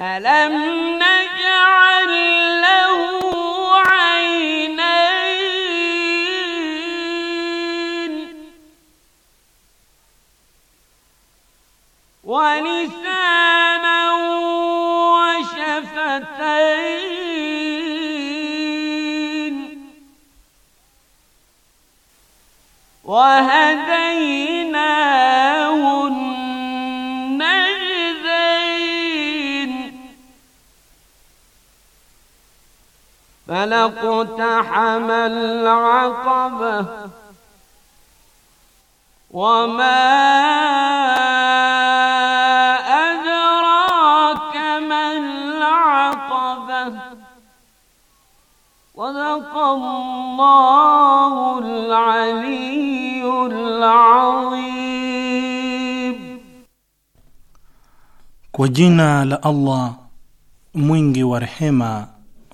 ألم نجعل له عينين ولسانا وشفتين وهديناه فلقتحم العقبة وما أدراك ما العقبة صدق الله العلي العظيم kwa لألله مينجي ورحمه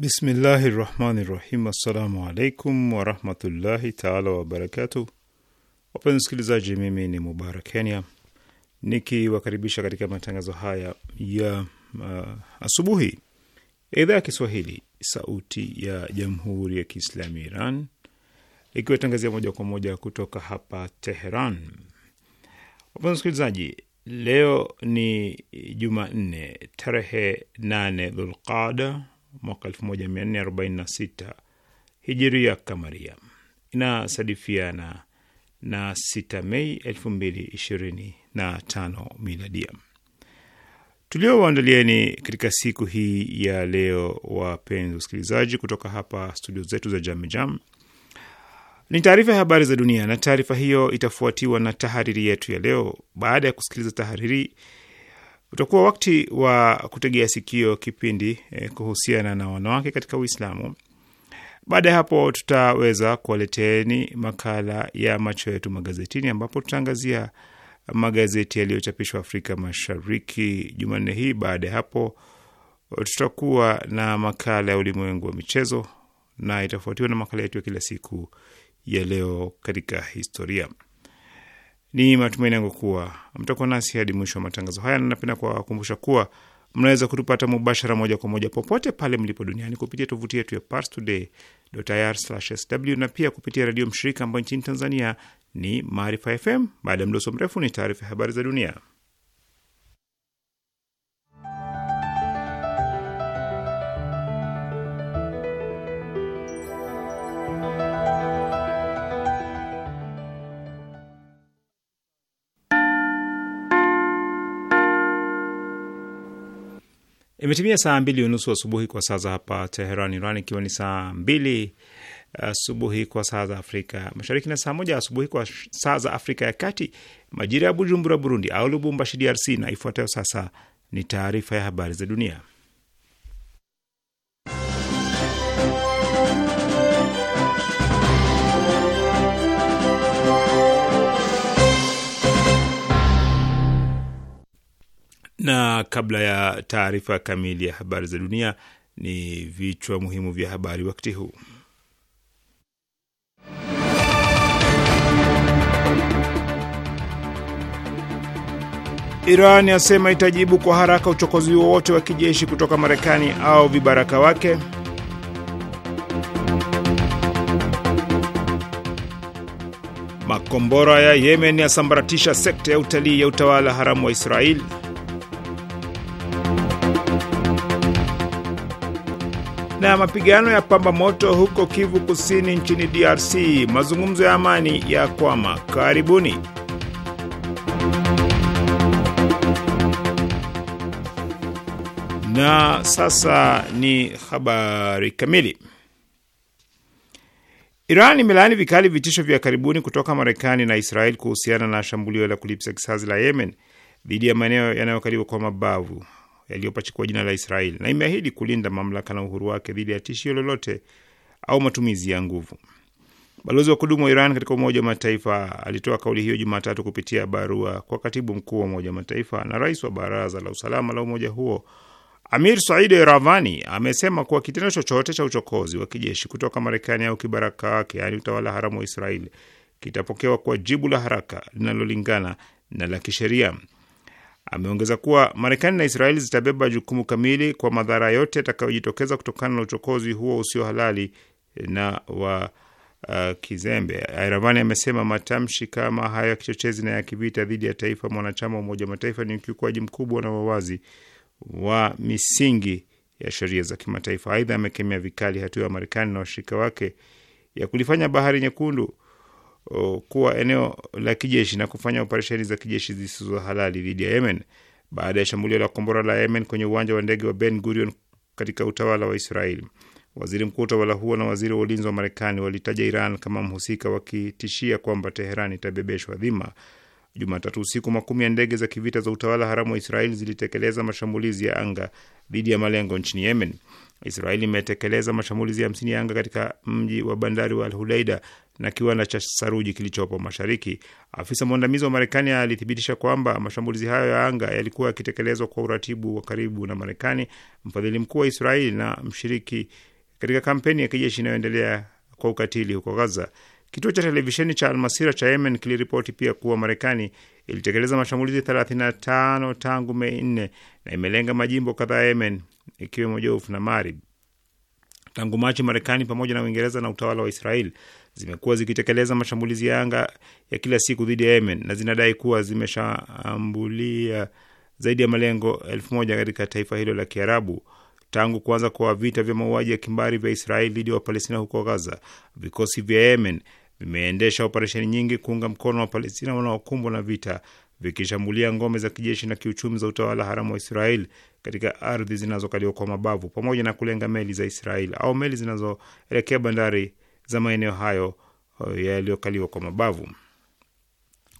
Bismillahi rahmani rahim. Assalamu alaikum warahmatullahi taala wabarakatuh. Wapenzi msikilizaji, mimi ni Mubarak Kenya nikiwakaribisha katika matangazo haya ya uh, asubuhi ya idhaa ya Kiswahili sauti ya jamhuri ya Kiislami Iran ikiwatangazia moja kwa moja kutoka hapa Teheran. Wapenzi msikilizaji, leo ni Jumanne tarehe nane Dhulqada mwaka 1446 hijiria kamaria, inasadifiana na 6 Mei 2025 miladia. Tuliowaandalieni katika siku hii ya leo, wapenzi wasikilizaji, kutoka hapa studio zetu za Jamjam ni taarifa ya habari za dunia, na taarifa hiyo itafuatiwa na tahariri yetu ya leo. Baada ya kusikiliza tahariri Utakuwa wakati wa kutegea sikio kipindi eh, kuhusiana na wanawake katika Uislamu. Baada ya hapo, tutaweza kuwaleteeni makala ya macho yetu magazetini, ambapo tutaangazia magazeti yaliyochapishwa Afrika Mashariki Jumanne hii. Baada ya hapo, tutakuwa na makala ya ulimwengu wa michezo na itafuatiwa na makala yetu ya kila siku ya leo katika historia. Ni matumaini yangu kuwa mtakuwa nasi hadi mwisho wa matangazo haya, na napenda kuwakumbusha kuwa mnaweza kutupata mubashara moja kwa moja popote pale mlipo duniani kupitia tovuti yetu ya parstoday.ir/sw na pia kupitia redio mshirika ambayo nchini Tanzania ni Maarifa FM. Baada ya mdoso mrefu, ni taarifa ya habari za dunia. Imetimia saa mbili unusu asubuhi kwa saa za hapa Teheran, Iran, ikiwa ni saa mbili asubuhi kwa saa za Afrika Mashariki na saa moja asubuhi kwa saa za Afrika ya Kati, majira ya Bujumbura, Burundi, au Lubumbashi, DRC. Na ifuatayo sasa ni taarifa ya habari za dunia. Na kabla ya taarifa kamili ya habari za dunia, ni vichwa muhimu vya habari wakati huu. Iran yasema itajibu kwa haraka uchokozi wowote wa kijeshi kutoka Marekani au vibaraka wake. Makombora ya Yemen yasambaratisha sekta ya utalii ya utawala haramu wa Israeli. na mapigano ya pamba moto huko Kivu Kusini nchini DRC. Mazungumzo ya amani ya kwama karibuni. Na sasa ni habari kamili. Iran imelaani vikali vitisho vya karibuni kutoka Marekani na Israel kuhusiana na shambulio la kulipiza kisasi la Yemen dhidi ya maeneo yanayokaliwa kwa mabavu yaliyopachikwa jina la israel na imeahidi kulinda mamlaka na uhuru wake dhidi ya tishio lolote au matumizi ya nguvu. Balozi wa kudumu wa Iran katika Umoja wa Mataifa alitoa kauli hiyo Jumatatu kupitia barua kwa katibu mkuu wa Umoja wa Mataifa na rais wa Baraza la Usalama la umoja huo Amir Said Ravani amesema kuwa kitendo chochote cha uchokozi wa kijeshi kutoka Marekani au kibaraka wake, yaani utawala haramu wa Israeli, kitapokewa kwa jibu la haraka linalolingana na la kisheria. Ameongeza kuwa Marekani na Israeli zitabeba jukumu kamili kwa madhara yote yatakayojitokeza kutokana na uchokozi huo usio halali na wa uh, kizembe. Airavani amesema matamshi kama hayo ya kichochezi na ya kivita dhidi ya taifa mwanachama wa Umoja Mataifa ni ukiukwaji mkubwa na wawazi wa misingi ya sheria za kimataifa. Aidha, amekemea vikali hatua ya Marekani na washirika wake ya kulifanya Bahari Nyekundu kuwa eneo la kijeshi na kufanya operesheni za kijeshi zisizo halali dhidi ya Yemen baada ya shambulio la kombora la Yemen kwenye uwanja wa ndege wa Ben Gurion katika utawala wa Israeli. Waziri mkuu wa utawala huo na waziri wa ulinzi wa Marekani walitaja Iran kama mhusika, wakitishia kwamba Teheran itabebeshwa dhima. Jumatatu usiku, makumi ya ndege za kivita za utawala haramu wa Israeli zilitekeleza mashambulizi ya anga dhidi ya malengo nchini Yemen. Israeli imetekeleza mashambulizi ya hamsini ya anga katika mji wa bandari wa alhudaida na kiwanda cha saruji kilichopo mashariki. Afisa mwandamizi wa Marekani alithibitisha kwamba mashambulizi hayo ya anga yalikuwa yakitekelezwa kwa uratibu wa karibu na Marekani, mfadhili mkuu wa Israeli na mshiriki katika kampeni ya kijeshi inayoendelea kwa ukatili huko Gaza. Kituo cha televisheni cha Almasira cha Yemen kiliripoti pia kuwa Marekani ilitekeleza mashambulizi 35 tangu Mei 4 na imelenga majimbo kadhaa Yemen ikiwemo Jouf na Marib. Tangu Machi, Marekani pamoja na Uingereza na utawala wa Israel zimekuwa zikitekeleza mashambulizi ya anga ya kila siku dhidi ya Yemen na zinadai kuwa zimeshambulia zaidi ya malengo elfu moja katika taifa hilo la Kiarabu tangu kuanza kwa vita vya mauaji ya kimbari vya Israel dhidi ya Wapalestina huko Gaza. Vikosi vya Yemen vimeendesha operesheni nyingi kuunga mkono Wapalestina wanaokumbwa na vita vikishambulia ngome za kijeshi na kiuchumi za utawala haramu wa Israel katika ardhi zinazokaliwa kwa mabavu, pamoja na kulenga meli za Israel au meli zinazoelekea bandari za maeneo hayo uh, yaliyokaliwa kwa mabavu.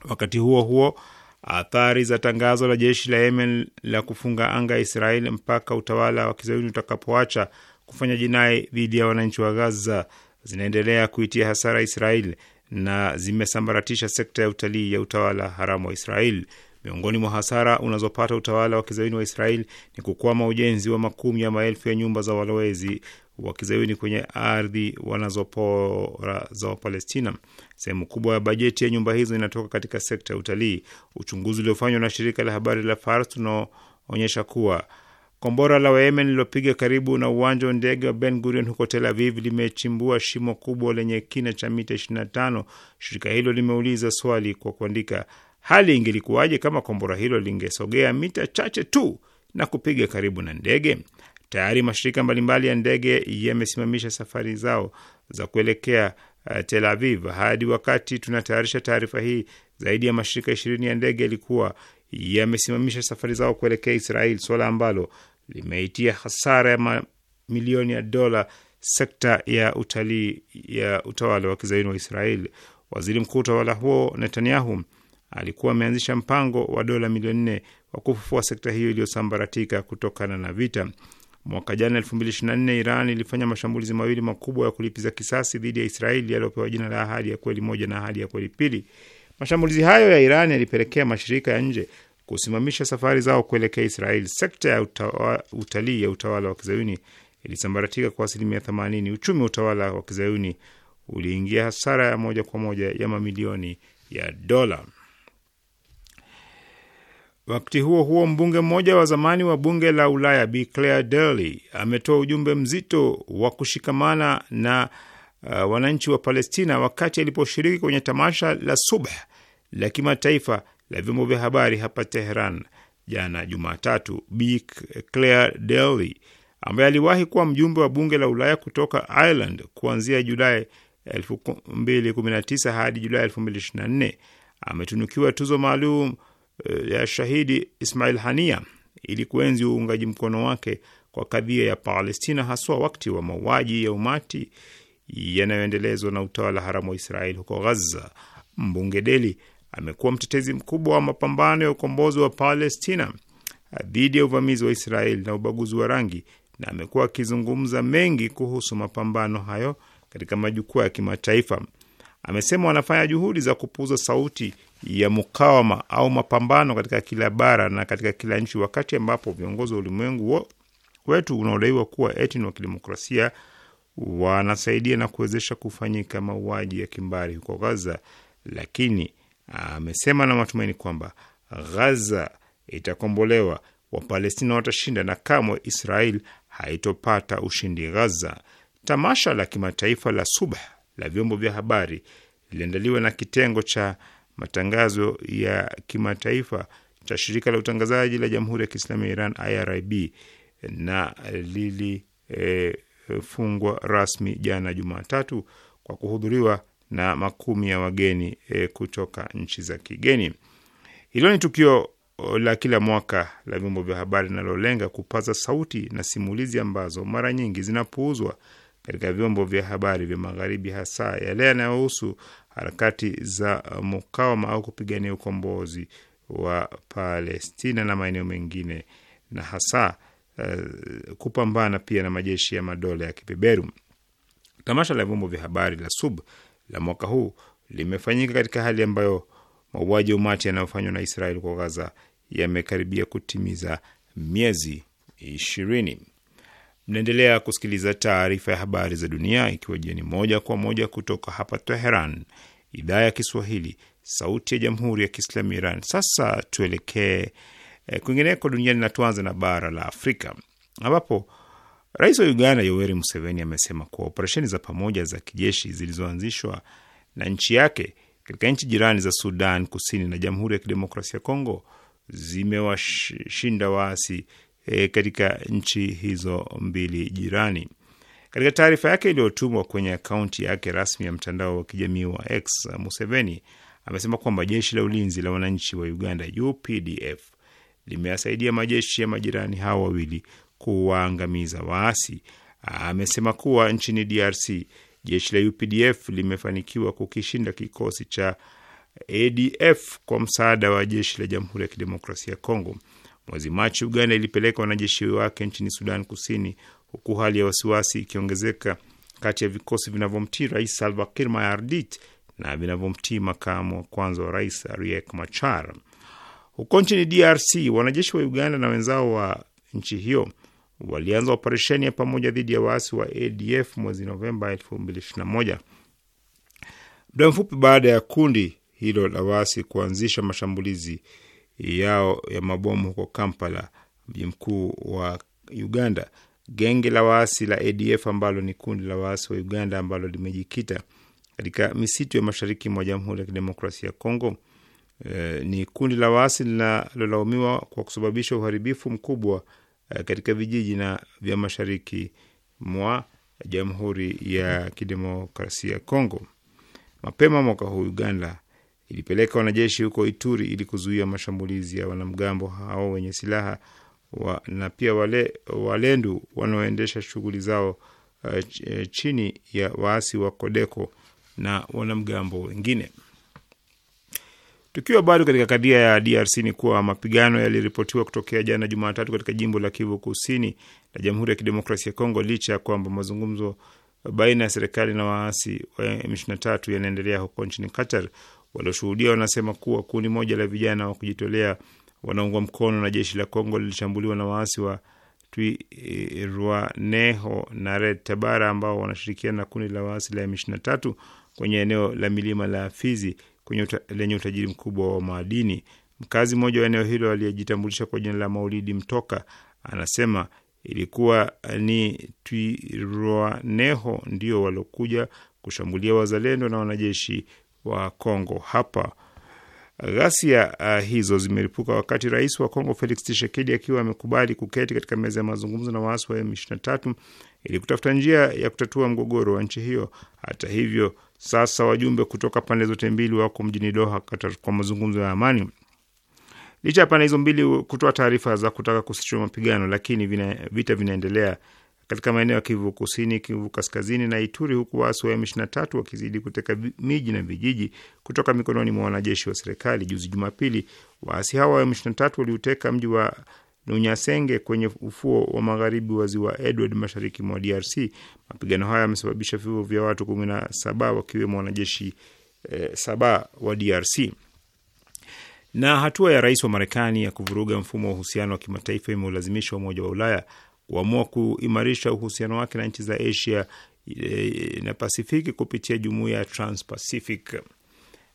Wakati huo huo, athari za tangazo la jeshi la Yemen la kufunga anga ya Israel mpaka utawala wa kizayuni utakapoacha kufanya jinai dhidi ya wananchi wa Gaza zinaendelea kuitia hasara Israel na zimesambaratisha sekta ya utalii ya utawala haramu wa Israel. Miongoni mwa hasara unazopata utawala wa kizayuni wa Israel ni kukwama ujenzi wa makumi ya maelfu ya nyumba za walowezi wa kizayuni kwenye ardhi wanazopora za Wapalestina. Sehemu kubwa ya bajeti ya nyumba hizo inatoka katika sekta ya utalii. Uchunguzi uliofanywa na shirika la habari la Fars unaonyesha kuwa Kombora la Wayemen lilopiga karibu na uwanja wa ndege wa Ben Gurion huko Tel Aviv limechimbua shimo kubwa lenye kina cha mita 25. Shirika hilo limeuliza swali kwa kuandika, hali ingelikuwaje kama kombora hilo lingesogea mita chache tu na kupiga karibu na ndege? Tayari mashirika mbalimbali ya ndege yamesimamisha safari zao za kuelekea uh, Tel Aviv. Hadi wakati tunatayarisha taarifa hii, zaidi ya mashirika ishirini ya ndege yalikuwa yamesimamisha safari zao kuelekea Israel, swala ambalo limeitia hasara ya mamilioni ya dola sekta ya utalii ya utawala wa kizaini wa israel Waziri mkuu utawala huo Netanyahu alikuwa ameanzisha mpango wa dola milioni nne wa kufufua sekta hiyo iliyosambaratika kutokana na vita. Mwaka jana nne Iran ilifanya mashambulizi mawili makubwa ya kulipiza kisasi dhidi ya Israeli yaliyopewa jina la ahadi ya kweli moja na ahadi ya kweli pili. Mashambulizi hayo ya Iran yalipelekea mashirika ya nje kusimamisha safari zao kuelekea israel Sekta ya utawa, utalii ya utawala wa kizayuni ilisambaratika kwa asilimia 80. Uchumi wa utawala wa kizayuni uliingia hasara ya moja kwa moja ya mamilioni ya dola. Wakati huo huo, mbunge mmoja wa zamani wa bunge la Ulaya Bi Claire Daly ametoa ujumbe mzito wa kushikamana na uh, wananchi wa Palestina wakati aliposhiriki kwenye tamasha la Subh la kimataifa la vyombo vya habari hapa Teheran jana Jumatatu. Bi Claire Daly ambaye aliwahi kuwa mjumbe wa bunge la Ulaya kutoka Ireland kuanzia Julai 2019 hadi Julai 2024 ametunukiwa tuzo maalum eh, ya shahidi Ismail Hania ili kuenzi uungaji mkono wake kwa kadhia ya Palestina, haswa wakati wa mauaji ya umati yanayoendelezwa na utawala haramu wa Israeli huko Ghaza. Mbunge Deli amekuwa mtetezi mkubwa wa mapambano ya ukombozi wa Palestina eh, dhidi ya uvamizi wa Israeli na ubaguzi wa rangi na amekuwa akizungumza mengi kuhusu mapambano hayo katika majukwaa ya kimataifa. Amesema wanafanya juhudi za kupuuza sauti ya mukawama au mapambano katika kila bara na katika kila nchi, wakati ambapo viongozi wa ulimwengu wetu unaodaiwa kuwa eti ni wa kidemokrasia wanasaidia na kuwezesha kufanyika mauaji ya kimbari huko Gaza, lakini amesema na matumaini kwamba Ghaza itakombolewa, Wapalestina watashinda na kamwe Israel haitopata ushindi Ghaza. Tamasha la kimataifa la Subh la vyombo vya habari liliandaliwa na kitengo cha matangazo ya kimataifa cha shirika la utangazaji la Jamhuri ya Kiislamu ya Iran IRIB na lilifungwa e, rasmi jana Jumatatu kwa kuhudhuriwa na makumi ya wageni e, kutoka nchi za kigeni. Hilo ni tukio la kila mwaka la vyombo vya habari linalolenga kupaza sauti na simulizi ambazo mara nyingi zinapuuzwa katika vyombo vya habari vya Magharibi, hasa yale yanayohusu harakati za mukawama au kupigania ukombozi wa Palestina na maeneo mengine, na hasa uh, kupambana pia na majeshi ya madola ya kibeberu. Tamasha la vyombo vya habari la Sub la mwaka huu limefanyika katika hali ambayo mauaji ya umati yanayofanywa na Israeli kwa Gaza yamekaribia kutimiza miezi ishirini. Mnaendelea kusikiliza taarifa ya habari za dunia, ikiwa jioni moja kwa moja kutoka hapa Teheran, idhaa ya Kiswahili, sauti ya jamhuri ya kiislamu Iran. Sasa tuelekee eh, kwingineko duniani na tuanze na bara la Afrika ambapo Rais wa Uganda Yoweri Museveni amesema kuwa operesheni za pamoja za kijeshi zilizoanzishwa na nchi yake katika nchi jirani za Sudan Kusini na Jamhuri ya Kidemokrasia ya Kongo zimewashinda waasi e, katika nchi hizo mbili jirani. Katika taarifa yake iliyotumwa kwenye akaunti yake rasmi ya mtandao wa kijamii wa X, Museveni amesema kwamba jeshi la ulinzi la wananchi wa Uganda UPDF limeyasaidia majeshi ya majirani hao wawili kuwaangamiza waasi. Amesema kuwa nchini DRC jeshi la UPDF limefanikiwa kukishinda kikosi cha ADF kwa msaada wa jeshi la Jamhuri ya Kidemokrasia ya Kongo. Mwezi Machi, Uganda ilipeleka wanajeshi wake nchini Sudan Kusini, huku hali ya wasiwasi ikiongezeka kati ya vikosi vinavyomtii Rais Salva Kiir Mayardit na vinavyomtii makamu wa kwanza wa rais Riek Machar. Huko nchini DRC, wanajeshi wa Uganda na wenzao wa nchi hiyo walianza operesheni ya pamoja dhidi ya waasi wa ADF mwezi Novemba 2021, muda mfupi baada ya kundi hilo la waasi kuanzisha mashambulizi yao ya mabomu huko Kampala, mji mkuu wa Uganda. Genge la waasi la ADF ambalo ni kundi la waasi wa Uganda ambalo limejikita katika misitu ya mashariki mwa Jamhuri ya Kidemokrasia ya Kongo e, ni kundi la waasi linalolaumiwa kwa kusababisha uharibifu mkubwa Eh, katika vijiji na vya mashariki mwa Jamhuri ya Kidemokrasia ya Kongo. Mapema mwaka huu Uganda ilipeleka wanajeshi huko Ituri ili kuzuia mashambulizi ya wanamgambo hao wenye silaha wa, na pia wale walendu wanaoendesha shughuli zao uh, chini ya waasi wa Kodeko na wanamgambo wengine. Tukiwa bado katika kadhia ya DRC ni kuwa mapigano yaliripotiwa kutokea jana Jumatatu katika jimbo la Kivu Kusini la Jamhuri ya Kidemokrasia ya Kongo, licha ya kwamba mazungumzo baina ya serikali na waasi wa M23 yanaendelea huko nchini Qatar. Walioshuhudia wanasema kuwa kundi moja la vijana wa kujitolea wanaungwa mkono na jeshi la Kongo lilishambuliwa na waasi wa Twirwaneho na Red Tabara ambao wanashirikiana na kundi la waasi la M23 kwenye eneo la milima la Fizi uta, lenye utajiri mkubwa wa madini. Mkazi mmoja wa eneo hilo aliyejitambulisha kwa jina la Maulidi Mtoka anasema ilikuwa ni Twirwaneho ndio waliokuja kushambulia wazalendo na wanajeshi wa Kongo hapa. Ghasia uh, hizo zimeripuka wakati rais wa Kongo Felix Tshisekedi akiwa amekubali kuketi katika meza ya mazungumzo na waasi wa M23 ili kutafuta njia ya kutatua mgogoro wa nchi hiyo. Hata hivyo sasa wajumbe kutoka pande zote mbili wako mjini Doha, Qatar, kwa mazungumzo ya amani. Licha ya pande hizo mbili kutoa taarifa za kutaka kusitishwa mapigano, lakini vina, vita vinaendelea katika maeneo ya Kivu Kusini, Kivu Kaskazini na Ituri, huku waasi wa M23 wakizidi kuteka miji na vijiji kutoka mikononi mwa wanajeshi wa serikali. Juzi Jumapili, waasi hawa wa M23 waliuteka mji wa Nunyasenge kwenye ufuo wa magharibi wa ziwa Edward mashariki mwa DRC. Mapigano hayo yamesababisha vifo vya watu kumi na saba wakiwemo wanajeshi eh, saba wa DRC. Na hatua ya rais wa Marekani ya kuvuruga mfumo wa uhusiano wa kimataifa imeulazimisha Umoja wa Ulaya kuamua kuimarisha uhusiano wake na nchi za Asia eh, na Pasifiki kupitia jumuiya ya Transpacific.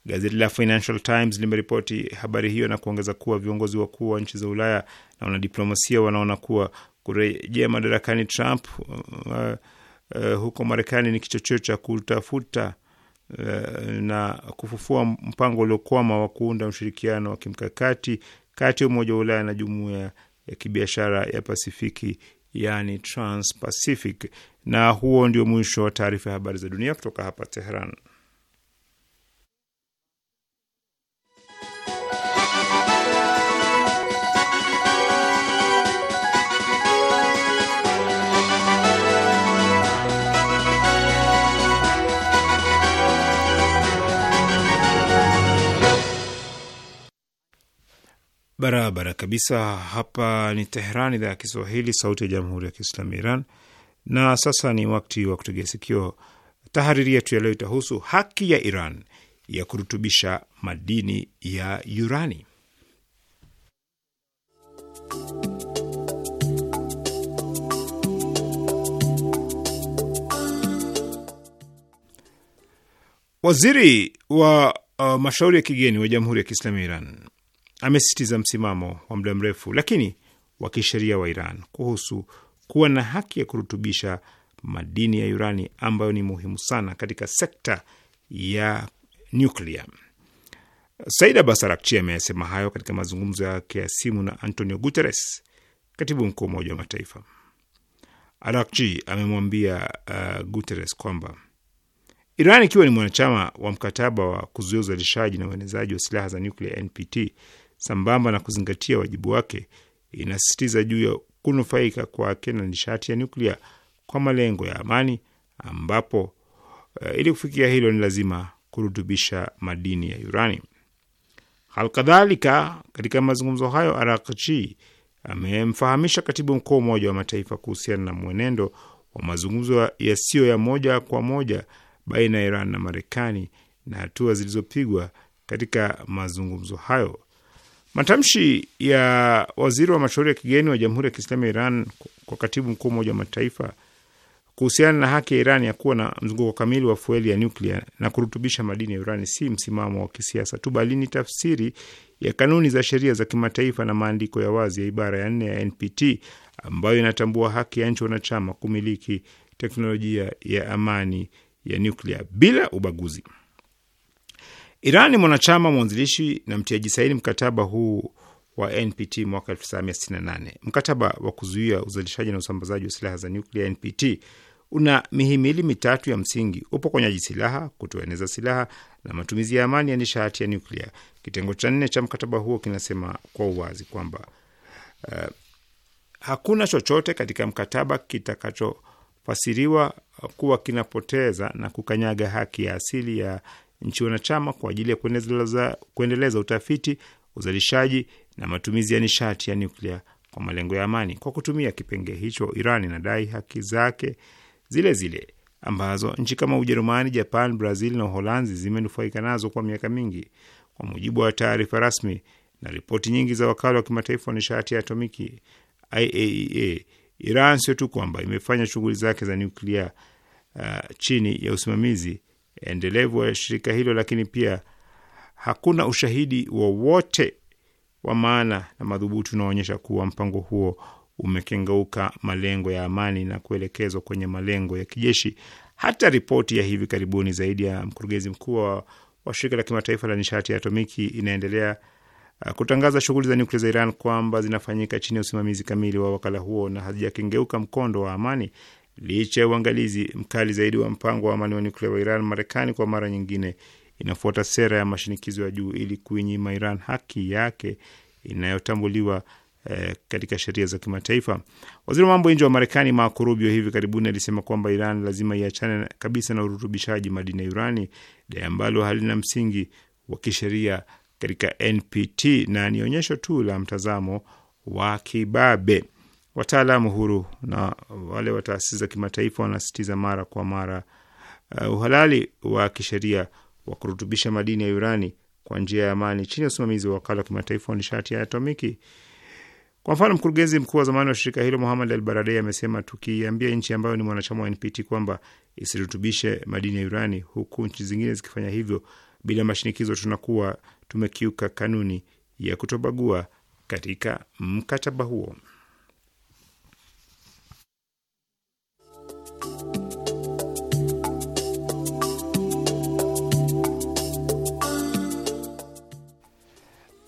Gazeti la Financial Times limeripoti habari hiyo na kuongeza kuwa viongozi wakuu wa nchi za Ulaya na wanadiplomasia wanaona kuwa kurejea madarakani Trump uh, uh, huko Marekani ni kichocheo cha kutafuta uh, na kufufua mpango uliokwama wa kuunda ushirikiano wa kimkakati kati ya Umoja wa Ulaya na Jumuiya ya Kibiashara ya Pasifiki, yani Transpacific. Na huo ndio mwisho wa taarifa ya habari za dunia kutoka hapa Teheran. barabara kabisa. Hapa ni Tehran, idhaa ya Kiswahili, sauti ya jamhuri ya kiislamu Iran. Na sasa ni wakati wa kutegea sikio. Tahariri yetu ya leo itahusu haki ya Iran ya kurutubisha madini ya urani. Waziri wa uh, mashauri ya kigeni wa Jamhuri ya Kiislamu ya Iran amesisitiza msimamo wa muda mrefu lakini wa kisheria wa Iran kuhusu kuwa na haki ya kurutubisha madini ya urani ambayo ni muhimu sana katika sekta ya nyuklia. Said Abbas Araghchi amesema hayo katika mazungumzo yake ya simu na Antonio Guterres, katibu mkuu wa Umoja wa Mataifa. Arakchi amemwambia uh, Guterres kwamba Iran ikiwa ni mwanachama wa mkataba wa kuzuia uzalishaji na uenezaji wa silaha za nyuklia NPT sambamba na kuzingatia wajibu wake, inasisitiza juu ya kunufaika kwake na nishati ya nyuklia kwa malengo ya amani, ambapo uh, ili kufikia hilo ni lazima kurutubisha madini ya urani. Halkadhalika, katika mazungumzo hayo Arakchi amemfahamisha katibu mkuu wa Umoja wa Mataifa kuhusiana na mwenendo wa mazungumzo yasiyo ya moja kwa moja baina ya Iran na Marekani na hatua zilizopigwa katika mazungumzo hayo. Matamshi ya waziri wa mashauri ya kigeni wa Jamhuri ya Kiislamu ya Iran kwa katibu mkuu wa Umoja wa Mataifa kuhusiana na haki ya Iran ya kuwa na mzunguko kamili wa fueli ya nuklia na kurutubisha madini ya urani si msimamo wa kisiasa tu, bali ni tafsiri ya kanuni za sheria za kimataifa na maandiko ya wazi ya ibara ya nne ya NPT ambayo inatambua haki ya nchi wanachama kumiliki teknolojia ya amani ya nuklia bila ubaguzi. Iran ni mwanachama mwanzilishi na mtiaji saini mkataba huu wa NPT mwaka 1968. Mkataba wa kuzuia uzalishaji na usambazaji wa silaha za nyuklia NPT una mihimili mitatu ya msingi: upokonyaji silaha, kutoeneza silaha na matumizi ya amani ya nishati ya nuklia Kitengo cha nne cha mkataba huo kinasema kwa uwazi kwamba uh, hakuna chochote katika mkataba kitakachofasiriwa kuwa kinapoteza na kukanyaga haki ya asili ya nchi wanachama kwa ajili ya kuendeleza, kuendeleza utafiti, uzalishaji na matumizi ya nishati ya nuklia kwa malengo ya amani. Kwa kutumia kipengee hicho, Iran inadai haki zake zile zile ambazo nchi kama Ujerumani, Japan, Brazil na Uholanzi zimenufaika nazo kwa miaka mingi. Kwa mujibu wa taarifa rasmi na ripoti nyingi za wakala wa kimataifa wa nishati ya atomiki IAEA, e Iran sio tu kwamba imefanya shughuli zake za nyuklia uh, chini ya usimamizi endelevu ya shirika hilo, lakini pia hakuna ushahidi wowote wa, maana na madhubuti unaoonyesha kuwa mpango huo umekengeuka malengo ya amani na kuelekezwa kwenye malengo ya kijeshi. Hata ripoti ya hivi karibuni zaidi ya mkurugenzi mkuu wa shirika la kimataifa la nishati ya atomiki inaendelea uh, kutangaza shughuli za nyuklia za Iran kwamba zinafanyika chini ya usimamizi kamili wa wakala huo na hazijakengeuka mkondo wa amani licha ya uangalizi mkali zaidi wa mpango wa amani wa nyuklia wa Iran, Marekani kwa mara nyingine inafuata sera ya mashinikizo ya juu ili kuinyima Iran haki yake inayotambuliwa eh, katika sheria za kimataifa. Waziri wa mambo ya nje wa Marekani Marco Rubio hivi karibuni alisema kwamba Iran lazima iachane kabisa na urutubishaji madini ya urani, dai ambalo halina msingi wa kisheria katika NPT na ni onyesho tu la mtazamo wa kibabe. Wataalamu huru na wale wa taasisi za kimataifa wanasisitiza mara kwa mara uh, uhalali wa kisheria wa kurutubisha madini ya urani kwa njia ya amani chini ya usimamizi wa wakala wa kimataifa wa nishati ya atomiki. Kwa mfano, mkurugenzi mkuu wa zamani wa shirika hilo Muhammad Al Baradei amesema, tukiambia nchi ambayo ni mwanachama wa NPT kwamba isirutubishe madini ya urani, huku nchi zingine zikifanya hivyo bila mashinikizo, tunakuwa tumekiuka kanuni ya kutobagua katika mkataba huo.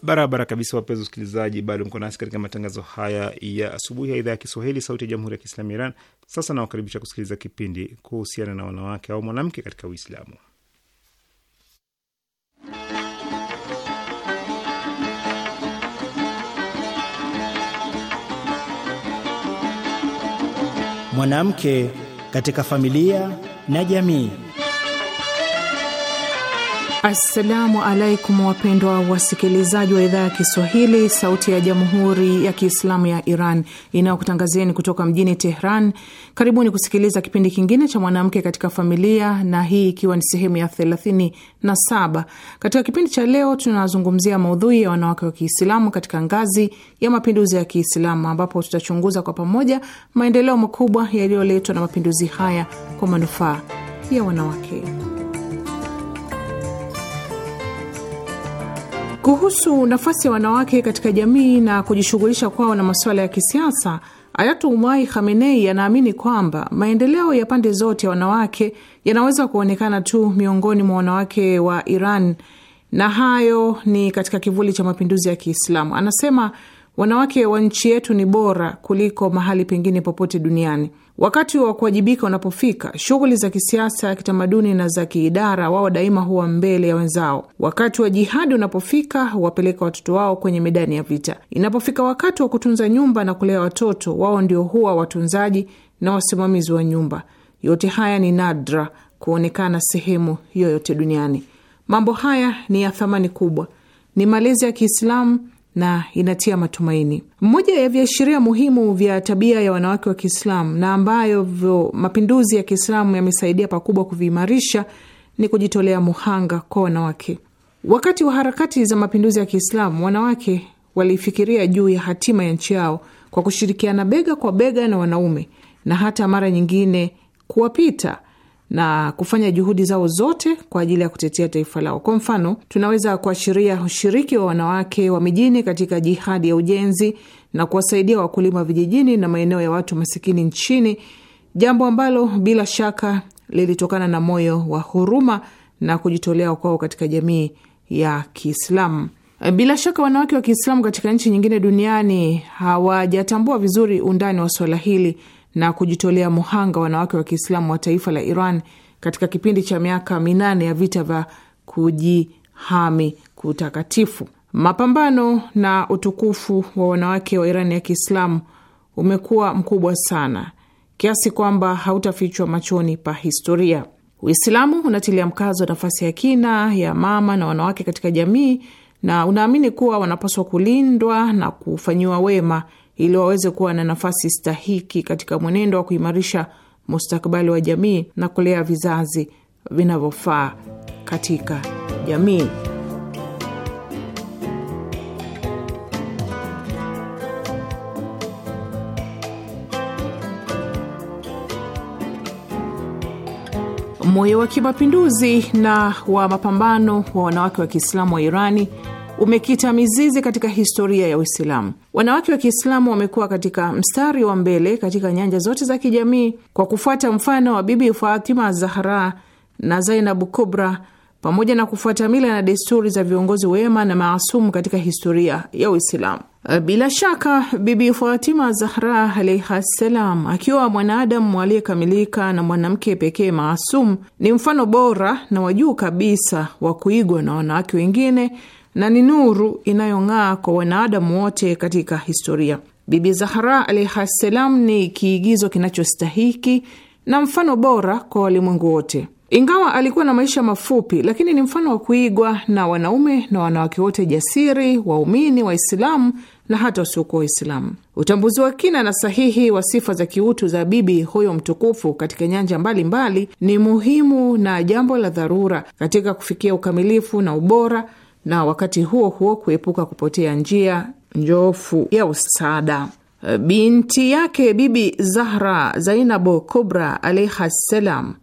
Barabara kabisa, wapenzi wasikilizaji, bado mko nasi katika matangazo haya ya asubuhi ya idhaa ya Kiswahili, sauti ya jamhuri ya kiislamu Iran. Sasa nawakaribisha kusikiliza kipindi kuhusiana na wanawake au mwanamke katika Uislamu. Mwanamke katika familia na jamii. Assalamu alaikum wapendwa wasikilizaji wa idhaa ya Kiswahili sauti ya jamhuri ya Kiislamu ya Iran inayokutangazieni kutoka mjini Tehran. Karibuni kusikiliza kipindi kingine cha mwanamke katika familia, na hii ikiwa ni sehemu ya thelathini na saba. Katika kipindi cha leo tunazungumzia maudhui ya wanawake wa Kiislamu katika ngazi ya mapinduzi ya Kiislamu, ambapo tutachunguza kwa pamoja maendeleo makubwa yaliyoletwa na mapinduzi haya kwa manufaa ya wanawake. Kuhusu nafasi ya wanawake katika jamii na kujishughulisha kwao na masuala ya kisiasa, Ayatullah Khamenei anaamini kwamba maendeleo ya pande zote ya wanawake yanaweza kuonekana tu miongoni mwa wanawake wa Iran, na hayo ni katika kivuli cha mapinduzi ya Kiislamu. Anasema Wanawake wa nchi yetu ni bora kuliko mahali pengine popote duniani. Wakati wa kuwajibika unapofika, shughuli za kisiasa, kitamaduni na za kiidara, wao daima huwa mbele ya wenzao. Wakati wa jihadi unapofika, huwapeleka watoto wao kwenye medani ya vita. Inapofika wakati wa kutunza nyumba na kulea watoto, wao ndio huwa watunzaji na wasimamizi wa nyumba. Yote haya ni nadra kuonekana sehemu yoyote duniani. Mambo haya ni ya thamani kubwa, ni malezi ya Kiislamu na inatia matumaini. Mmoja ya viashiria muhimu vya tabia ya wanawake wa Kiislamu na vyo mapinduzi ya Kiislamu yamesaidia pakubwa kuviimarisha ni kujitolea muhanga kwa wanawake. Wakati wa harakati za mapinduzi ya Kiislamu, wanawake walifikiria juu ya hatima ya nchi yao kwa kushirikiana bega kwa bega na wanaume na hata mara nyingine kuwapita na kufanya juhudi zao zote kwa ajili ya kutetea taifa lao. Kwa mfano, tunaweza kuashiria ushiriki wa wanawake wa mijini katika jihadi ya ujenzi na kuwasaidia wakulima vijijini na maeneo ya watu masikini nchini, jambo ambalo bila shaka lilitokana na moyo wa huruma na kujitolea kwao katika jamii ya Kiislamu. E, bila shaka wanawake wa Kiislamu katika nchi nyingine duniani hawajatambua vizuri undani wa swala hili na kujitolea muhanga wanawake wa Kiislamu wa taifa la Iran katika kipindi cha miaka minane ya vita vya kujihami kutakatifu. Mapambano na utukufu wa wanawake wa Iran ya Kiislamu umekuwa mkubwa sana kiasi kwamba hautafichwa machoni pa historia. Uislamu unatilia mkazo nafasi ya kina ya mama na wanawake katika jamii na unaamini kuwa wanapaswa kulindwa na kufanyiwa wema ili waweze kuwa na nafasi stahiki katika mwenendo wa kuimarisha mustakabali wa jamii na kulea vizazi vinavyofaa katika jamii. Moyo wa kimapinduzi na wa mapambano wa wanawake wa Kiislamu wa Irani umekita mizizi katika historia ya Uislamu. Wanawake wa Kiislamu wamekuwa katika mstari wa mbele katika nyanja zote za kijamii kwa kufuata mfano wa Bibi Fatima Zahra na Zainabu Kubra, pamoja na kufuata mila na desturi za viongozi wema na maasumu katika historia ya Uislamu. Bila shaka Bibi Fatima Zahra alaiha ssalam, akiwa mwanadamu aliyekamilika na mwanamke pekee maasum, ni mfano bora na wa juu kabisa wa kuigwa na wanawake wengine na ni nuru inayong'aa kwa wanadamu wote katika historia. Bibi Zahra alaihi salam ni kiigizo kinachostahiki na mfano bora kwa walimwengu wote. Ingawa alikuwa na maisha mafupi, lakini ni mfano wa kuigwa na wanaume na wanawake wote jasiri, waumini, Waislamu na hata wasiokuwa Waislamu. Utambuzi wa kina na sahihi wa sifa za kiutu za bibi huyo mtukufu katika nyanja mbalimbali mbali, ni muhimu na jambo la dharura katika kufikia ukamilifu na ubora na wakati huo huo kuepuka kupotea njia njofu ya usada. E, binti yake Bibi Zahra Zainabu Kubra alaiha ssalam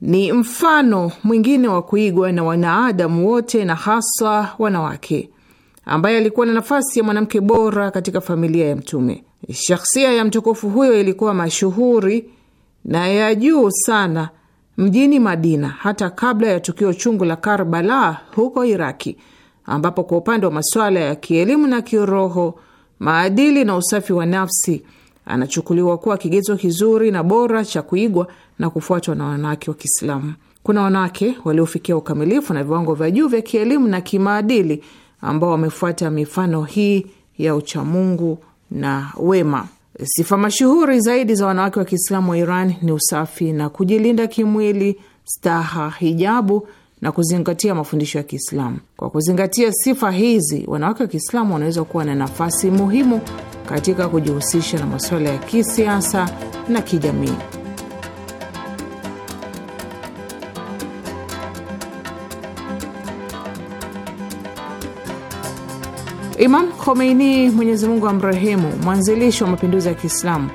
ni mfano mwingine wa kuigwa na wanaadamu wote na haswa wanawake, ambaye alikuwa na nafasi ya mwanamke bora katika familia ya Mtume. Shakhsia ya mtukufu huyo ilikuwa mashuhuri na ya juu sana mjini Madina hata kabla ya tukio chungu la Karbala huko Iraki ambapo kwa upande wa masuala ya kielimu na kiroho, maadili na usafi wa nafsi, anachukuliwa kuwa kigezo kizuri na bora cha kuigwa na kufuatwa na wanawake wa Kiislamu. Kuna wanawake waliofikia ukamilifu na viwango vya juu vya kielimu na kimaadili ambao wamefuata mifano hii ya uchamungu na wema. Sifa mashuhuri zaidi za wanawake wa Kiislamu wa Iran ni usafi na kujilinda kimwili, staha, hijabu na kuzingatia mafundisho ya Kiislamu. Kwa kuzingatia sifa hizi, wanawake wa Kiislamu wanaweza kuwa na nafasi muhimu katika kujihusisha na masuala ya kisiasa na kijamii. Imam Khomeini, Mwenyezi Mungu amrehemu, mwanzilishi wa mapinduzi ya Kiislamu,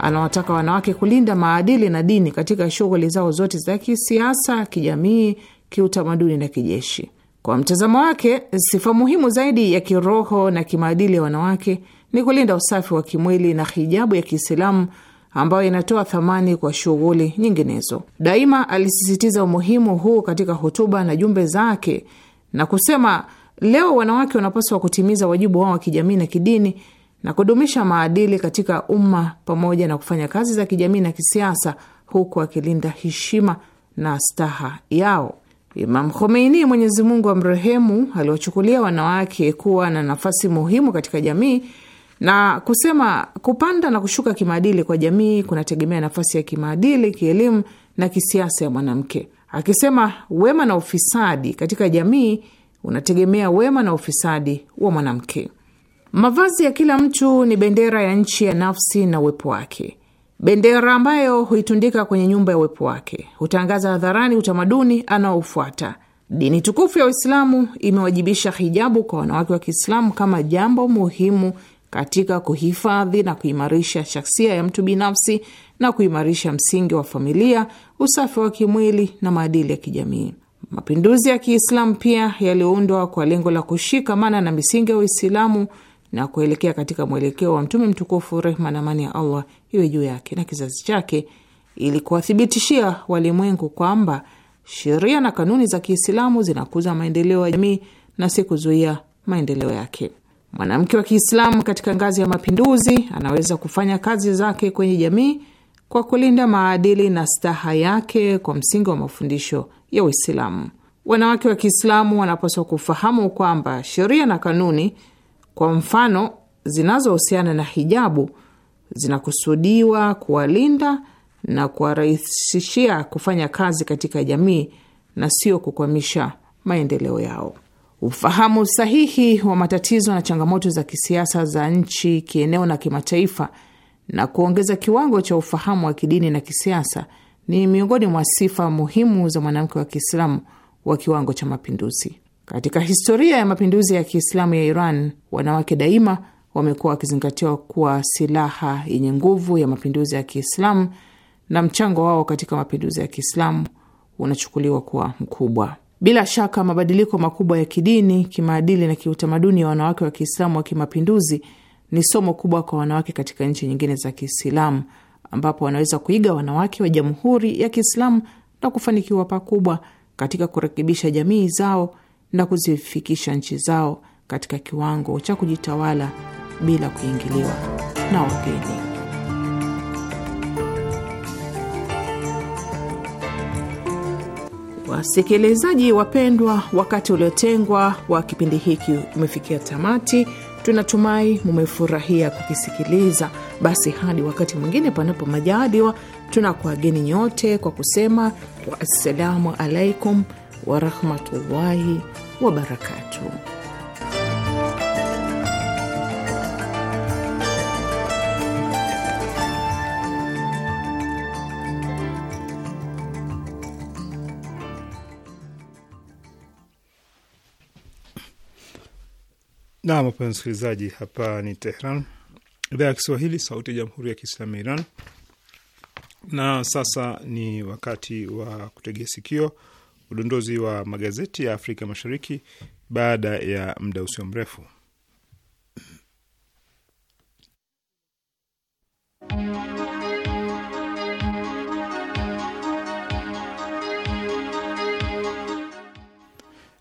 anawataka wanawake kulinda maadili na dini katika shughuli zao zote za kisiasa, kijamii kiutamaduni na kijeshi. Kwa mtazamo wake, sifa muhimu zaidi ya kiroho na kimaadili ya wanawake ni kulinda usafi wa kimwili na hijabu ya Kiislamu ambayo inatoa thamani kwa shughuli nyinginezo. Daima alisisitiza umuhimu huu katika hotuba na jumbe zake na kusema, leo wanawake wanapaswa kutimiza wajibu wao wa kijamii na kidini na kudumisha maadili katika umma pamoja na kufanya kazi za kijamii na kisiasa, huku akilinda heshima na staha yao. Imam Khomeini, Mwenyezi Mungu amrehemu, aliwachukulia wanawake kuwa na nafasi muhimu katika jamii na kusema kupanda na kushuka kimaadili kwa jamii kunategemea nafasi ya kimaadili, kielimu na kisiasa ya mwanamke, akisema wema na ufisadi katika jamii unategemea wema na ufisadi wa mwanamke. Mavazi ya kila mtu ni bendera ya nchi ya nafsi na uwepo wake. Bendera ambayo huitundika kwenye nyumba ya uwepo wake hutangaza hadharani utamaduni anaofuata Dini tukufu ya Uislamu imewajibisha hijabu kwa wanawake wa Kiislamu kama jambo muhimu katika kuhifadhi na kuimarisha shaksia ya mtu binafsi na kuimarisha msingi wa familia, usafi wa kimwili na maadili ya kijamii. Mapinduzi ya Kiislamu pia yaliyoundwa kwa lengo la kushikamana na misingi ya Uislamu na kuelekea katika mwelekeo wa Mtume mtukufu, rehma na amani ya Allah iwe juu yake na kizazi chake, ili kuwathibitishia walimwengu kwamba sheria na kanuni za Kiislamu zinakuza maendeleo ya jamii na si kuzuia maendeleo yake. Mwanamke wa Kiislamu katika ngazi ya mapinduzi anaweza kufanya kazi zake kwenye jamii kwa kulinda maadili na staha yake kwa msingi wa mafundisho ya Uislamu. Wanawake wa Kiislamu wanapaswa kufahamu kwamba sheria na kanuni kwa mfano, zinazohusiana na hijabu zinakusudiwa kuwalinda na kuwarahisishia kufanya kazi katika jamii na sio kukwamisha maendeleo yao. Ufahamu sahihi wa matatizo na changamoto za kisiasa za nchi, kieneo na kimataifa na kuongeza kiwango cha ufahamu wa kidini na kisiasa ni miongoni mwa sifa muhimu za mwanamke wa Kiislamu wa kiwango cha mapinduzi. Katika historia ya mapinduzi ya Kiislamu ya Iran, wanawake daima wamekuwa wakizingatiwa kuwa silaha yenye nguvu ya mapinduzi ya Kiislamu, na mchango wao katika mapinduzi ya Kiislamu unachukuliwa kuwa mkubwa. Bila shaka mabadiliko makubwa ya kidini, kimaadili na kiutamaduni ya wanawake wa Kiislamu wa kimapinduzi ni somo kubwa kwa wanawake katika nchi nyingine za Kiislamu, ambapo wanaweza kuiga wanawake wa Jamhuri ya Kiislamu na kufanikiwa pakubwa katika kurekebisha jamii zao na kuzifikisha nchi zao katika kiwango cha kujitawala bila kuingiliwa na wageni. Wasikilizaji wapendwa, wakati uliotengwa wa kipindi hiki umefikia tamati. Tunatumai mumefurahia kukisikiliza. Basi hadi wakati mwingine, panapo majaliwa, tunakuageni nyote kwa kusema wassalamu alaikum warahmatullahi wabarakatuh. Nam, wapenzi msikilizaji, hapa ni Tehran, idhaa ya Kiswahili, sauti ya jamhuri ya kiislamu ya Iran. Na sasa ni wakati wa kutegea sikio udondozi wa magazeti ya Afrika Mashariki baada ya muda usio mrefu.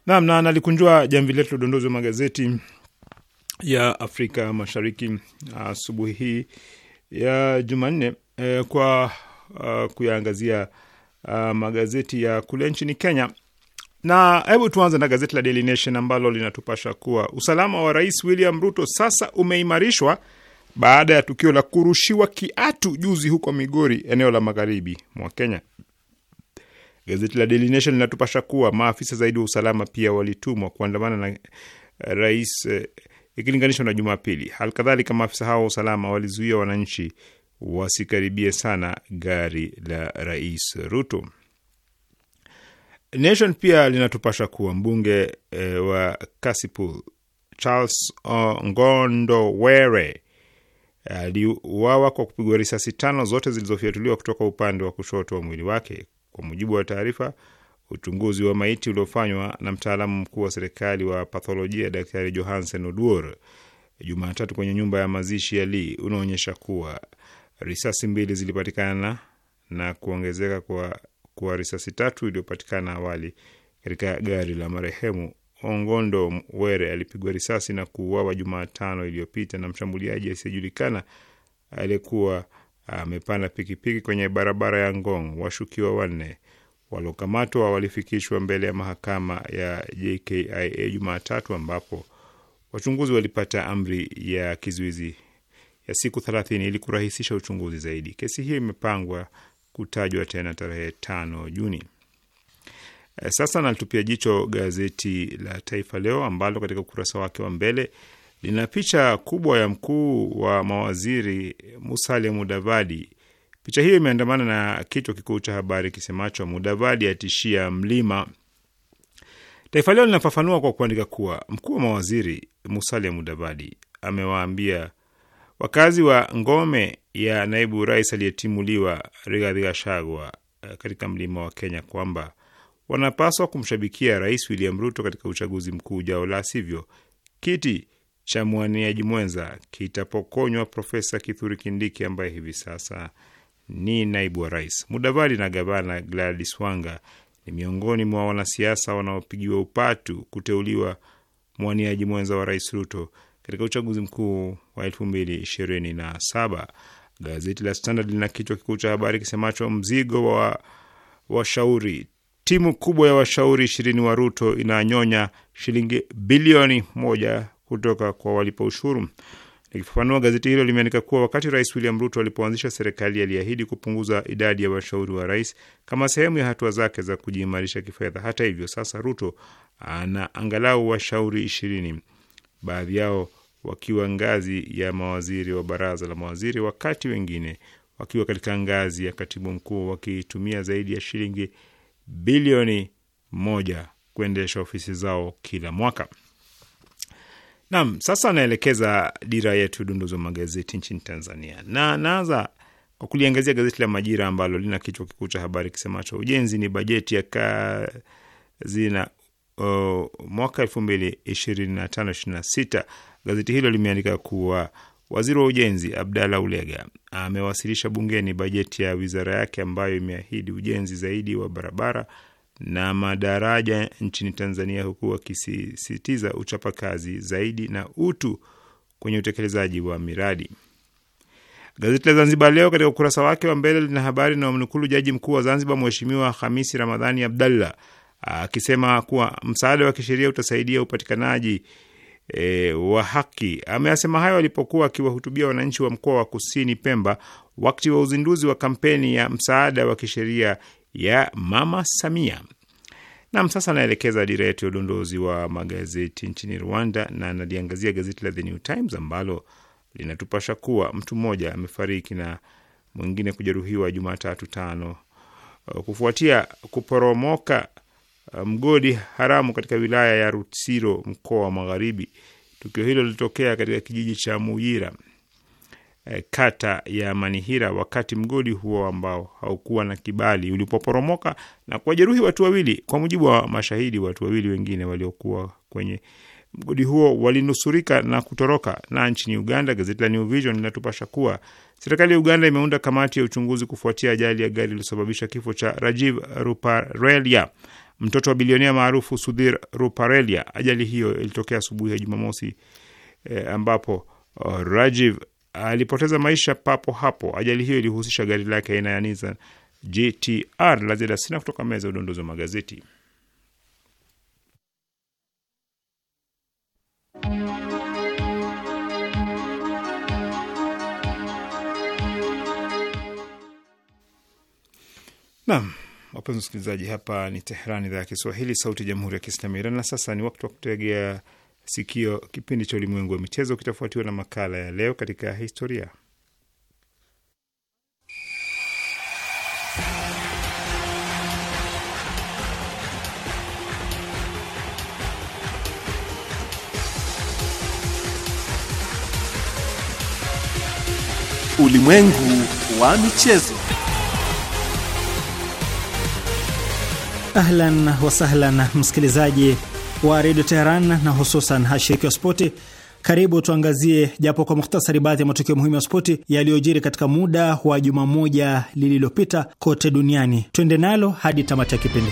Naam, na nalikunjua jamvi letu udondozi wa magazeti ya Afrika Mashariki ah, asubuhi hii ya Jumanne eh, kwa uh, kuyaangazia uh, magazeti ya kule nchini Kenya na hebu tuanze na gazeti la Daily Nation ambalo linatupasha kuwa usalama wa Rais William Ruto sasa umeimarishwa baada ya tukio la kurushiwa kiatu juzi huko Migori, eneo la magharibi mwa Kenya. Gazeti la Daily Nation linatupasha kuwa maafisa zaidi wa usalama pia walitumwa kuandamana na eh, rais eh, ikilinganishwa na Jumapili. Halikadhalika, maafisa hao wa usalama walizuia wananchi wasikaribie sana gari la Rais Ruto. Nation pia linatupasha kuwa mbunge e, wa Kasipul Charles Ngondo Were aliuawa kwa kupigwa risasi tano, zote zilizofyatuliwa kutoka upande wa kushoto wa mwili wake. Kwa mujibu wa taarifa, uchunguzi wa maiti uliofanywa na mtaalamu mkuu wa serikali wa patholojia Daktari Johansen Oduor Jumatatu kwenye nyumba ya mazishi ya Lee unaonyesha kuwa risasi mbili zilipatikana na kuongezeka kwa kuwa risasi tatu iliyopatikana awali katika gari la marehemu. Ongondo Were alipigwa risasi na kuuawa Jumatano iliyopita na mshambuliaji asiyejulikana aliyekuwa amepanda pikipiki kwenye barabara ya Ngong. Washukiwa wanne waliokamatwa walifikishwa mbele ya mahakama ya JKIA Jumatatu ambapo wachunguzi walipata amri ya kizuizi ya siku 30 ili kurahisisha uchunguzi zaidi. Kesi hiyo imepangwa kutajwa tena tarehe 5 Juni. Eh, sasa nalitupia jicho gazeti la Taifa Leo ambalo katika ukurasa wake wa mbele lina picha kubwa ya mkuu wa mawaziri Musalia Mudavadi. Picha hiyo imeandamana na kichwa kikuu cha habari kisemacho Mudavadi atishia mlima. Taifa Leo linafafanua kwa kuandika kuwa mkuu wa mawaziri Musalia Mudavadi amewaambia Wakazi wa ngome ya naibu rais aliyetimuliwa Rigathi Gachagua eh, katika mlima wa Kenya kwamba wanapaswa kumshabikia Rais William Ruto katika uchaguzi mkuu ujao, la sivyo kiti cha mwaniaji mwenza kitapokonywa Profesa Kithuri Kindiki ambaye hivi sasa ni naibu wa rais. Mudavadi na gavana Gladys Wanga ni miongoni mwa wanasiasa wanaopigiwa upatu kuteuliwa mwaniaji mwenza wa Rais Ruto katika uchaguzi mkuu wa elfu mbili ishirini na saba. Gazeti la Standard lina kichwa kikuu cha habari kisemacho mzigo wa washauri, timu kubwa ya washauri ishirini wa Ruto inanyonya shilingi bilioni moja kutoka kwa walipa ushuru. Likifafanua, gazeti hilo limeandika kuwa wakati Rais William Ruto alipoanzisha serikali aliahidi kupunguza idadi ya washauri wa rais kama sehemu ya hatua zake za kujiimarisha kifedha. Hata hivyo, sasa Ruto ana angalau washauri ishirini baadhi yao wakiwa ngazi ya mawaziri wa baraza la mawaziri, wakati wengine wakiwa katika ngazi ya katibu mkuu, wakitumia zaidi ya shilingi bilioni moja kuendesha ofisi zao kila mwaka. Naam, sasa naelekeza dira yetu za magazeti nchini Tanzania, na naanza kwa kuliangazia gazeti la Majira ambalo lina kichwa kikuu cha habari kisemacho ujenzi ni bajeti ya kazi na uh, mwaka 2025 Gazeti hilo limeandika kuwa waziri wa ujenzi Abdalla Ulega amewasilisha bungeni bajeti ya wizara yake ambayo imeahidi ujenzi zaidi wa barabara na madaraja nchini Tanzania, huku akisisitiza uchapakazi zaidi na utu kwenye utekelezaji wa miradi. Gazeti la Zanzibar Leo katika ukurasa wake wa mbele lina habari na mnukulu jaji mkuu wa Zanzibar Mheshimiwa Hamisi Ramadhani Abdallah akisema kuwa msaada wa kisheria utasaidia upatikanaji e, wa haki. Ameyasema hayo alipokuwa akiwahutubia wananchi wa mkoa wa Kusini Pemba wakati wa uzinduzi wa kampeni ya msaada wa kisheria ya Mama Samia. Nam, sasa anaelekeza dira yetu ya udondozi wa magazeti nchini Rwanda na analiangazia gazeti la The New Times ambalo linatupasha kuwa mtu mmoja amefariki na mwingine kujeruhiwa Jumatatu tano kufuatia kuporomoka Uh, mgodi haramu katika wilaya ya Rutsiro, mkoa wa Magharibi. Tukio hilo lilitokea katika kijiji cha Muyira, eh, kata ya Manihira, wakati mgodi huo ambao haukuwa na kibali ulipoporomoka na kuwajeruhi watu wawili. Kwa mujibu wa mashahidi, watu wawili wengine waliokuwa kwenye mgodi huo walinusurika na kutoroka. Na nchini Uganda, gazeti la New Vision linatupasha kuwa Serikali ya Uganda imeunda kamati ya uchunguzi kufuatia ajali ya gari iliyosababisha kifo cha Rajiv Ruparelia, mtoto wa bilionea maarufu Sudhir Ruparelia. Ajali hiyo ilitokea asubuhi ya Jumamosi eh, ambapo oh, Rajiv alipoteza maisha papo hapo. Ajali hiyo ilihusisha gari lake aina ya Nissan GTR. La ziada sina kutoka meza udondozi wa magazeti. Naam, wapenzi wasikilizaji, hapa ni Tehran, idhaa ya Kiswahili, sauti ya jamhuri ya kiislamu ya Iran. Na sasa ni wakati wa kutegea sikio kipindi cha ulimwengu wa michezo kitafuatiwa na makala ya leo katika historia. Ulimwengu wa michezo. Ahlan wasahlan, msikilizaji wa redio Teheran na hususan hashiriki wa spoti. Karibu tuangazie japo kwa muhtasari baadhi ya matukio muhimu ya spoti yaliyojiri katika muda wa juma moja lililopita kote duniani. Twende nalo hadi tamati ya kipindi.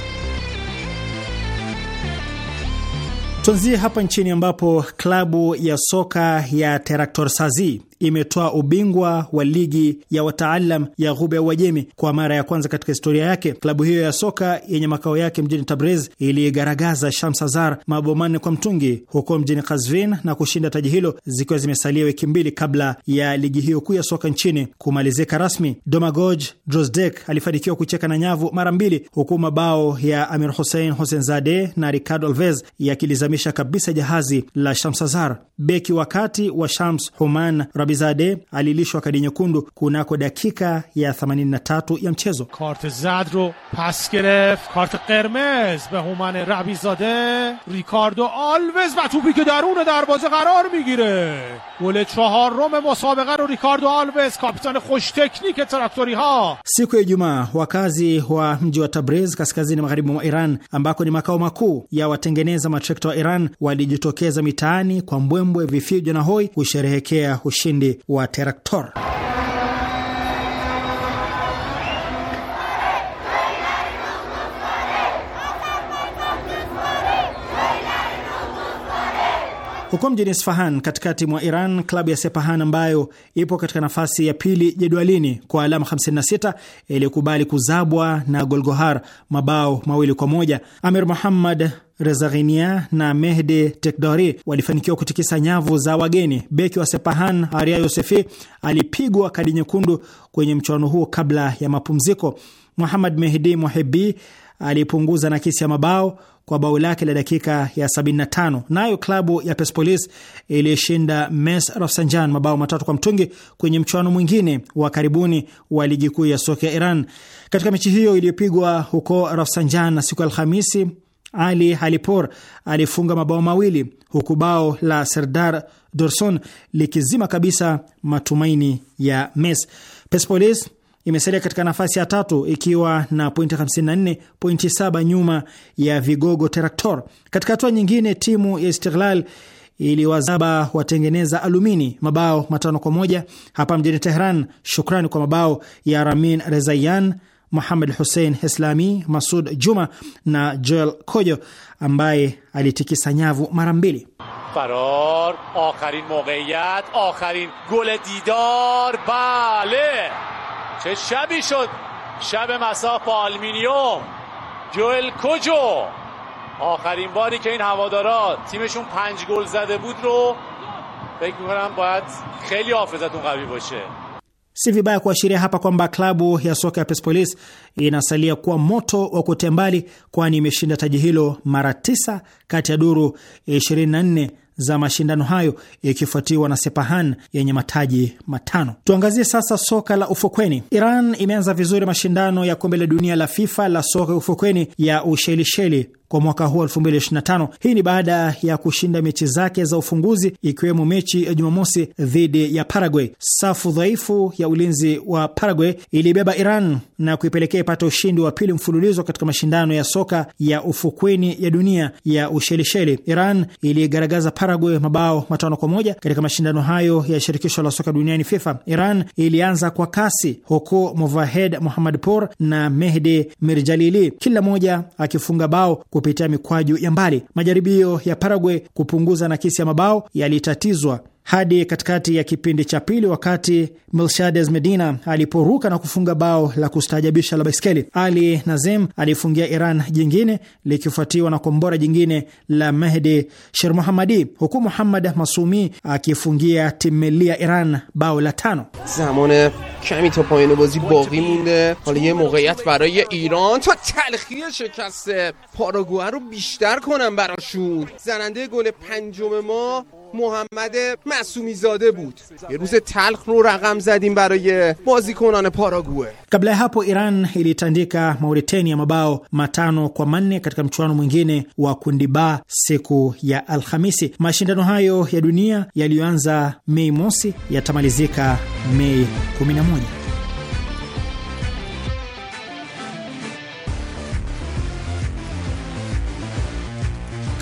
Tuanzie hapa nchini ambapo klabu ya soka ya Teraktor Sazi imetoa ubingwa wa ligi ya wataalam ya Ghuba ya Uajemi kwa mara ya kwanza katika historia yake. Klabu hiyo ya soka yenye makao yake mjini Tabriz iliigaragaza Shamsazar mabao manne kwa mtungi huko mjini Kazvin na kushinda taji hilo zikiwa zimesalia wiki mbili kabla ya ligi hiyo kuu ya soka nchini kumalizika rasmi. Domagoj Drozdek alifanikiwa kucheka na nyavu mara mbili huku mabao ya Amir Hussein zade na Ricardo Alves yakilizamisha kabisa jahazi la Shamsazar. Beki wakati wa Shams Human Rabi Karbizade alilishwa kadi nyekundu kunako dakika ya 83 ya mchezo. kart zad ro pas gereft kart qermez be human rabizade ricardo alves va tupi ke darun darvaze qarar migire gol chaharm musabaqe ro ricardo alves kapitan khosh teknik traktori ha. Siku ya Ijumaa wakazi wa mji wa Tabriz kaskazini magharibi mwa Iran ambako ni makao makuu ya watengeneza matrekta wa Iran walijitokeza mitaani kwa mbwembwe, vifijo na hoi kusherehekea ushindi ushindi wa Teraktor. Huko mjini Isfahan katikati mwa Iran, klabu ya Sepahan ambayo ipo katika nafasi ya pili jedwalini kwa alama 56 iliyokubali kuzabwa na Golgohar mabao mawili kwa moja. Amir Muhammad Reza na Mehdi Tekdari walifanikiwa kutikisa nyavu za wageni. Beki wa Sepahan Aria Yosefi alipigwa kadi nyekundu kwenye mchuano huo kabla ya mapumziko. Muhamad Mehdi Muhibi alipunguza nakisi ya mabao kwa bao lake la dakika ya 75. Nayo klabu ya Persepolis ilishinda Mes Rafsanjan mabao matatu kwa mtungi kwenye mchuano mwingine wa karibuni wa ligi kuu ya soka ya Iran. Katika mechi hiyo iliyopigwa huko Rafsanjan na siku ya Alhamisi ali Halipor alifunga mabao mawili huku bao la Serdar Dorson likizima kabisa matumaini ya Mes. Persepolis imesalia katika nafasi ya tatu ikiwa na pointi 54, pointi 7 nyuma ya vigogo traktor Katika hatua nyingine, timu ya Istiklal iliwazaba watengeneza alumini mabao matano kwa moja hapa mjini Tehran, shukrani kwa mabao ya Ramin Rezaian حسین اسلامی مسود جمعه نا جوئل Joel Kojo علی alitikisa nyavu mara mbili. فرار آخرین موقعیت آخرین گل دیدار بله چه شبی شد شب مساف آلمینیوم جوئل کجو آخرین باری که این هوادارا تیمشون پنج گل زده بود رو فکر میکنم باید خیلی حافظتون قوی باشه Si vibaya kuashiria hapa kwamba klabu ya soka ya Persepolis inasalia kuwa moto wa kutia mbali, kwani imeshinda taji hilo mara tisa kati ya duru 24 za mashindano hayo ikifuatiwa na Sepahan yenye mataji matano. Tuangazie sasa soka la ufukweni. Iran imeanza vizuri mashindano ya kombe la dunia la FIFA la soka ufukweni ya Ushelisheli kwa mwaka huu 2025. Hii ni baada ya kushinda mechi zake za ufunguzi ikiwemo mechi ya Jumamosi dhidi ya Paraguay. Safu dhaifu ya ulinzi wa Paraguay ilibeba Iran na kuipelekea ipata ushindi wa pili mfululizo katika mashindano ya soka ya ufukweni ya dunia ya Ushelisheli. Iran iligaragaza Paraguay mabao matano kwa moja katika mashindano hayo ya shirikisho la soka duniani FIFA. Iran ilianza kwa kasi huku Movahed muhamad Por na Mehdi Mirjalili kila moja akifunga bao kupitia mikwaju ya mbali. Majaribio ya Paraguay kupunguza nakisi ya mabao yalitatizwa hadi katikati ya kipindi cha pili, wakati Melshades Medina aliporuka na kufunga bao la kustaajabisha la baiskeli. Ali Nazim alifungia Iran jingine likifuatiwa na kombora jingine la Mehdi Shermuhamadi, huku Muhammad Masumi akifungia timu ya Iran bao la tano. zamon kami ta payane bozi baqi munde hala ye moqeiyat baraye iran ta shekaste ro bishtar konam barashun zanande gol panjom ma محمد معصومی زاده بود یه روز تلخ رو رقم زدیم برای بازیکنان پاراگوه kabla ya hapo Iran ilitandika Mauritania mabao matano kwa manne katika mchuano mwingine wa kundi ba siku ya Alhamisi. Mashindano hayo ya dunia yaliyoanza Mei mosi yatamalizika Mei 11.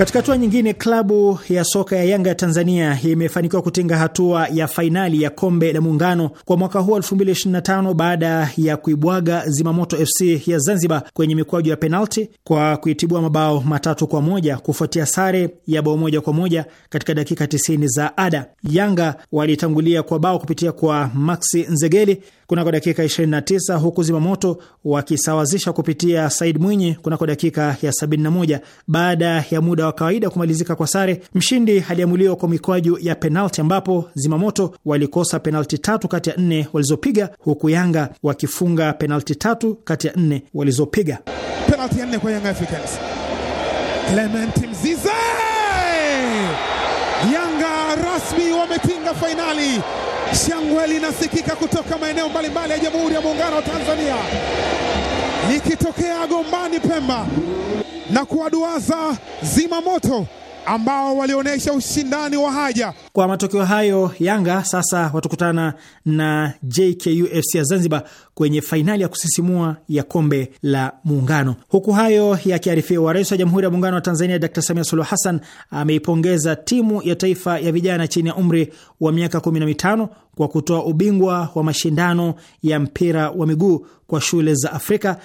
Katika hatua nyingine, klabu ya soka ya Yanga ya Tanzania imefanikiwa kutinga hatua ya fainali ya kombe la Muungano kwa mwaka huu 2025 baada ya kuibwaga Zimamoto FC ya Zanzibar kwenye mikwaju ya penalti kwa kuitibua mabao matatu kwa moja kufuatia sare ya bao moja kwa moja katika dakika 90 za ada. Yanga walitangulia kwa bao kupitia kwa Maxi Nzegeli kunako dakika 29, huku zimamoto wakisawazisha kupitia Said Mwinyi kunako dakika ya 71. Baada ya muda wa kawaida kumalizika kwa sare, mshindi aliamuliwa kwa mikwaju ya penalti, ambapo zimamoto walikosa penalti tatu kati ya nne walizopiga, huku Yanga wakifunga penalti tatu kati ya nne walizopiga. Penalti ya nne kwa Young Africans, Clement Mzize. Yanga rasmi wametinga fainali Shangwe linasikika kutoka maeneo mbalimbali ya Jamhuri ya Muungano wa Tanzania, likitokea Gombani Pemba na kuwaduaza zima moto ambao walionyesha ushindani wa haja. Kwa matokeo hayo, Yanga sasa watakutana na JKU FC ya Zanzibar kwenye fainali ya kusisimua ya kombe la Muungano. Huku hayo yakiarifiwa, Rais wa Jamhuri ya Muungano wa Tanzania Dr Samia Suluhu Hassan ameipongeza timu ya taifa ya vijana chini ya umri wa miaka 15 kwa kutoa ubingwa wa mashindano ya mpira wa miguu kwa shule za Afrika,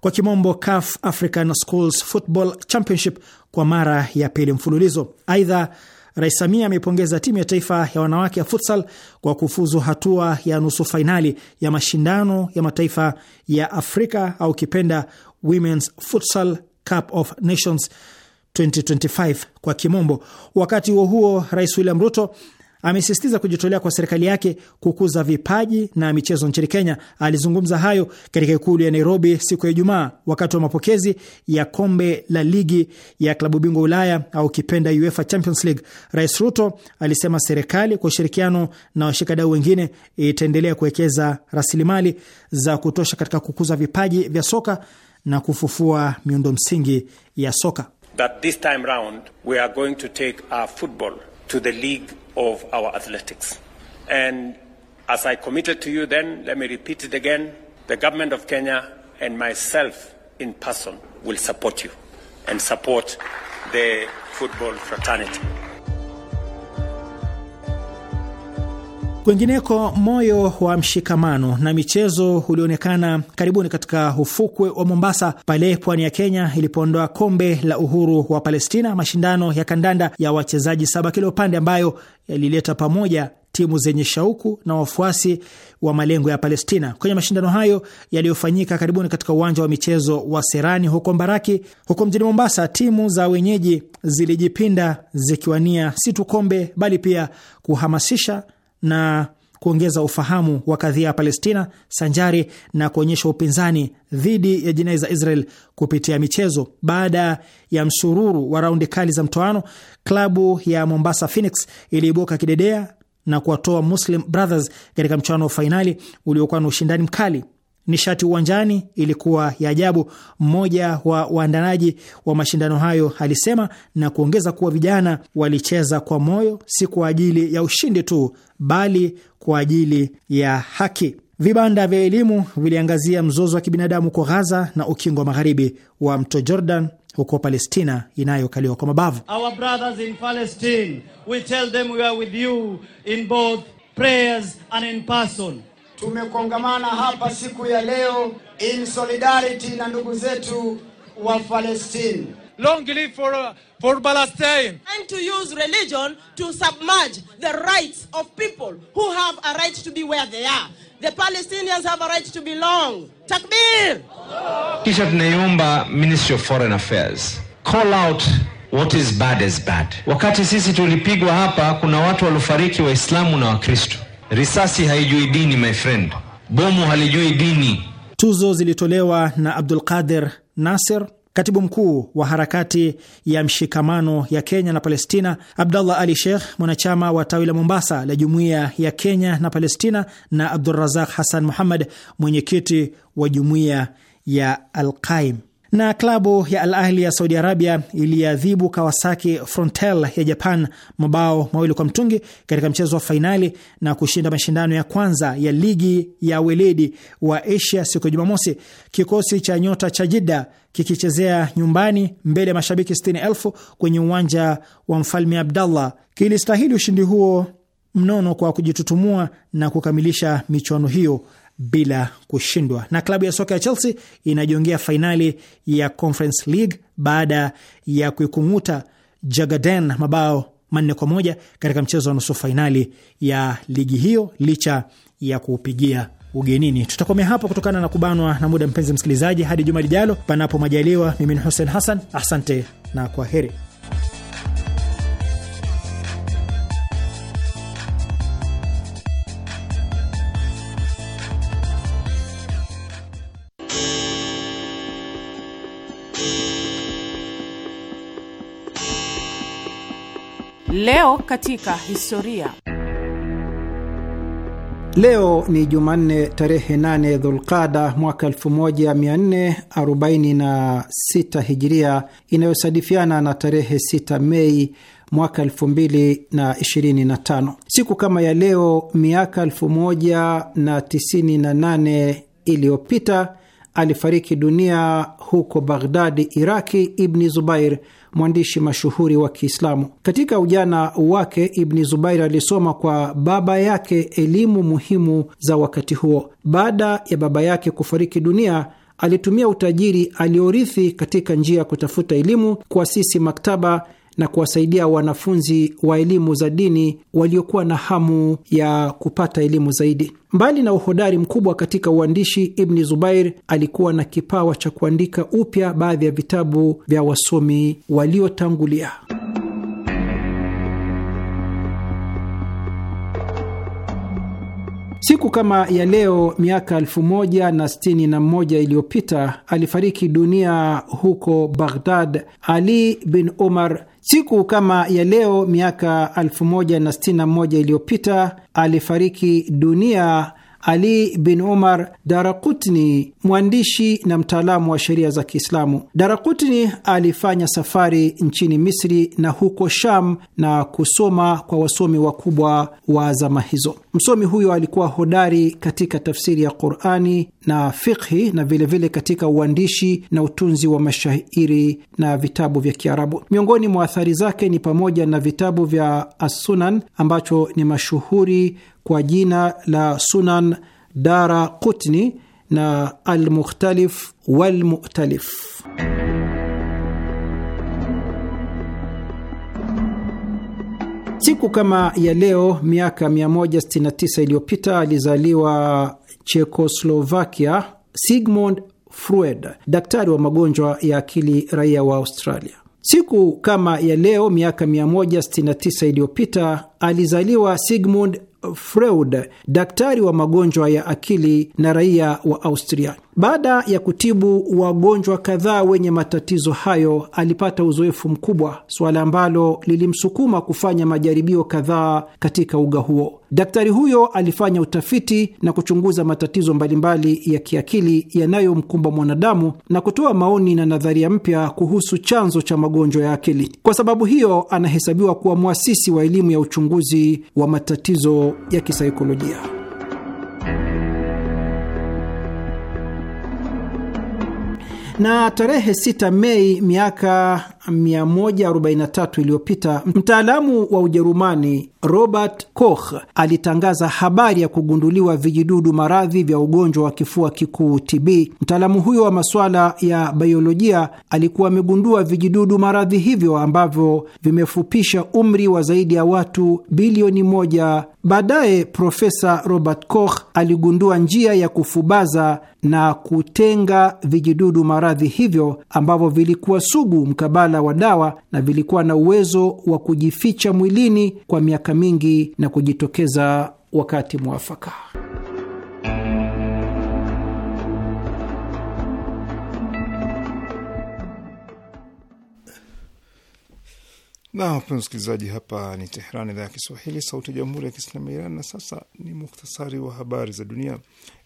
kwa kimombo CAF African Schools Football Championship kwa mara ya pili mfululizo. Aidha, Rais Samia ameipongeza timu ya taifa ya wanawake ya futsal kwa kufuzu hatua ya nusu fainali ya mashindano ya mataifa ya Afrika au kipenda Women's Futsal Cup of Nations 2025 kwa kimombo. Wakati huo huo, Rais William Ruto amesisitiza kujitolea kwa serikali yake kukuza vipaji na michezo nchini Kenya. Alizungumza hayo katika ikulu ya Nairobi siku ya Ijumaa wakati wa mapokezi ya kombe la ligi ya klabu bingwa Ulaya au kipenda UEFA Champions League. Rais Ruto alisema serikali kwa ushirikiano na washikadau wengine itaendelea kuwekeza rasilimali za kutosha katika kukuza vipaji vya soka na kufufua miundo msingi ya soka. That this time round we are going to take our football to the league of our athletics. And as I committed to you then, let me repeat it again, the government of Kenya and myself in person will support you and support the football fraternity. Kwingineko, moyo wa mshikamano na michezo ulionekana karibuni katika ufukwe wa Mombasa pale pwani ya Kenya ilipoondoa kombe la uhuru wa Palestina, mashindano ya kandanda ya wachezaji saba kila upande ambayo yalileta pamoja timu zenye shauku na wafuasi wa malengo ya Palestina kwenye mashindano hayo yaliyofanyika karibuni katika uwanja wa michezo wa Serani huko Mbaraki huko mjini Mombasa. Timu za wenyeji zilijipinda zikiwania si tu kombe bali pia kuhamasisha na kuongeza ufahamu wa kadhia ya Palestina sanjari na kuonyesha upinzani dhidi ya jinai za Israel kupitia michezo. Baada ya msururu wa raundi kali za mtoano, klabu ya Mombasa Phoenix iliibuka kidedea na kuwatoa Muslim Brothers katika mchuano wa fainali uliokuwa na ushindani mkali. Nishati uwanjani ilikuwa ya ajabu, mmoja wa waandanaji wa mashindano hayo alisema, na kuongeza kuwa vijana walicheza kwa moyo, si kwa ajili ya ushindi tu, bali kwa ajili ya haki. Vibanda vya elimu viliangazia mzozo wa kibinadamu kwa Ghaza na ukingo wa magharibi wa mto Jordan huko Palestina inayokaliwa kwa mabavu. Our tumekongamana hapa siku ya leo in solidarity na ndugu zetu wa Palestine. Long live for, uh, for Palestine. And to use religion to submerge the rights of people who have a right to be where they are. The Palestinians have a right to belong. Takbir! Kisha tunaiomba Ministry of Foreign Affairs call out what is bad is bad. Wakati sisi tulipigwa hapa, kuna watu waliofariki Waislamu na Wakristo. Risasi haijui dini, my friend. Bomu halijui dini. Tuzo zilitolewa na abdul qadir Nasir, katibu mkuu wa harakati ya mshikamano ya Kenya na Palestina, Abdallah Ali Sheikh, mwanachama wa tawi la Mombasa la jumuiya ya Kenya na Palestina, na Abdurazak Hassan Muhammad, mwenyekiti wa jumuiya ya Alqaim na klabu ya Al Ahli ya Saudi Arabia iliadhibu Kawasaki Frontale ya Japan mabao mawili kwa mtungi katika mchezo wa fainali na kushinda mashindano ya kwanza ya ligi ya weledi wa Asia siku ya Jumamosi. Kikosi cha nyota cha Jidda kikichezea nyumbani mbele ya mashabiki elfu kwenye uwanja wa Mfalme Abdallah kilistahili ushindi huo mnono kwa kujitutumua na kukamilisha michuano hiyo bila kushindwa. Na klabu ya soka ya Chelsea inajiongea fainali ya Conference League baada ya kuikung'uta Jagaden mabao manne kwa moja katika mchezo wa nusu fainali ya ligi hiyo licha ya kuupigia ugenini. Tutakomea hapo kutokana na kubanwa na muda, mpenzi msikilizaji, hadi juma lijalo, panapo majaliwa. Mimi ni Hussein Hassan, asante na kwa heri. Leo katika historia. Leo ni Jumanne tarehe 8 Dhulqada mwaka 1446 Hijiria, inayosadifiana na tarehe 6 Mei mwaka 2025. Siku kama ya leo miaka 1098 iliyopita alifariki dunia huko Baghdadi, Iraki, Ibni Zubair mwandishi mashuhuri wa Kiislamu. Katika ujana wake, Ibni Zubair alisoma kwa baba yake elimu muhimu za wakati huo. Baada ya baba yake kufariki dunia alitumia utajiri aliorithi katika njia ya kutafuta elimu, kuasisi maktaba na kuwasaidia wanafunzi wa elimu za dini waliokuwa na hamu ya kupata elimu zaidi. Mbali na uhodari mkubwa katika uandishi, Ibni Zubair alikuwa na kipawa cha kuandika upya baadhi ya vitabu vya wasomi waliotangulia. Siku kama ya leo miaka 1061 iliyopita alifariki dunia huko Baghdad Ali bin Umar Siku kama ya leo miaka 1061 iliyopita alifariki dunia ali bin Umar Darakutni, mwandishi na mtaalamu wa sheria za Kiislamu. Darakutni alifanya safari nchini Misri na huko Sham na kusoma kwa wasomi wakubwa wa zama hizo. Msomi huyo alikuwa hodari katika tafsiri ya Qurani na fikhi na vilevile vile katika uandishi na utunzi wa mashairi na vitabu vya Kiarabu. Miongoni mwa athari zake ni pamoja na vitabu vya Assunan ambacho ni mashuhuri kwa jina la Sunan Dara Qutni na Almukhtalif Walmukhtalif. Siku kama ya leo miaka 169 iliyopita alizaliwa Chekoslovakia Sigmund Freud, daktari wa magonjwa ya akili, raia wa Australia. Siku kama ya leo miaka 169 iliyopita alizaliwa Sigmund Freud, daktari wa magonjwa ya akili na raia wa Austria. Baada ya kutibu wagonjwa kadhaa wenye matatizo hayo, alipata uzoefu mkubwa, suala ambalo lilimsukuma kufanya majaribio kadhaa katika uga huo. Daktari huyo alifanya utafiti na kuchunguza matatizo mbalimbali ya kiakili yanayomkumba mwanadamu na kutoa maoni na nadharia mpya kuhusu chanzo cha magonjwa ya akili. Kwa sababu hiyo, anahesabiwa kuwa mwasisi wa elimu ya uchunguzi wa matatizo ya kisaikolojia. na tarehe 6 Mei miaka 143 iliyopita mtaalamu wa Ujerumani Robert Koch alitangaza habari ya kugunduliwa vijidudu maradhi vya ugonjwa wa kifua kikuu TB. Mtaalamu huyo wa masuala ya biolojia alikuwa amegundua vijidudu maradhi hivyo ambavyo vimefupisha umri wa zaidi ya watu bilioni moja. Baadaye Profesa Robert Koch aligundua njia ya kufubaza na kutenga vijidudu maradhi hivyo ambavyo vilikuwa sugu mkabala wa dawa na vilikuwa na uwezo wa kujificha mwilini kwa miaka miaka mingi na kujitokeza wakati mwafaka. Na wapenzi msikilizaji, hapa ni Teheran, idhaa ya Kiswahili, sauti ya jamhuri ya kiislamu ya Iran. Na sasa ni muhtasari wa habari za dunia.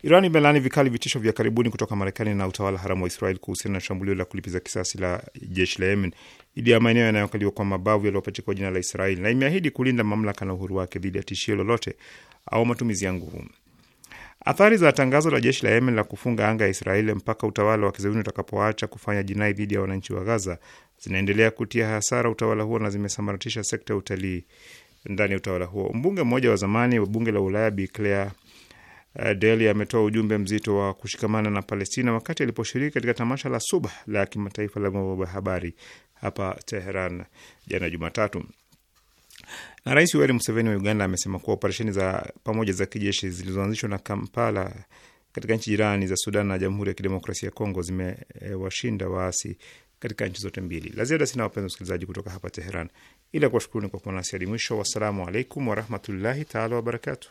Iran imelaani vikali vitisho vya karibuni kutoka Marekani na utawala haramu wa Israel kuhusiana na shambulio la kulipiza kisasi la jeshi la Yemen dhidi ya maeneo yanayokaliwa kwa mabavu yaliyopachikwa jina la Israel na imeahidi kulinda mamlaka na uhuru wake dhidi ya tishio lolote au matumizi ya nguvu. Athari za tangazo la jeshi la Yemen la kufunga anga ya Israel mpaka utawala wa kizayuni utakapoacha kufanya jinai dhidi ya wananchi wa Gaza zinaendelea kutia hasara utawala huo na zimesambaratisha sekta ya utalii ndani ya utawala huo. Mbunge mmoja wa zamani wa bunge la Ulaya Bi Claire eh, Daly ametoa ujumbe mzito wa kushikamana na Palestina wakati aliposhiriki katika tamasha la suba la kimataifa la vyombo vya habari hapa Teheran jana Jumatatu. Na Rais Yoweri Museveni wa Uganda amesema kuwa operesheni za pamoja za kijeshi zilizoanzishwa na Kampala katika nchi jirani za Sudan na Jamhuri ya Kidemokrasia ya Kongo zimewashinda waasi katika nchi zote mbili. La ziada sina, wapenzi wasikilizaji, kutoka hapa Teheran, ila kuwashukuruni kwa kuwa nasi hadi mwisho. Wassalamu alaikum warahmatullahi taala wabarakatuh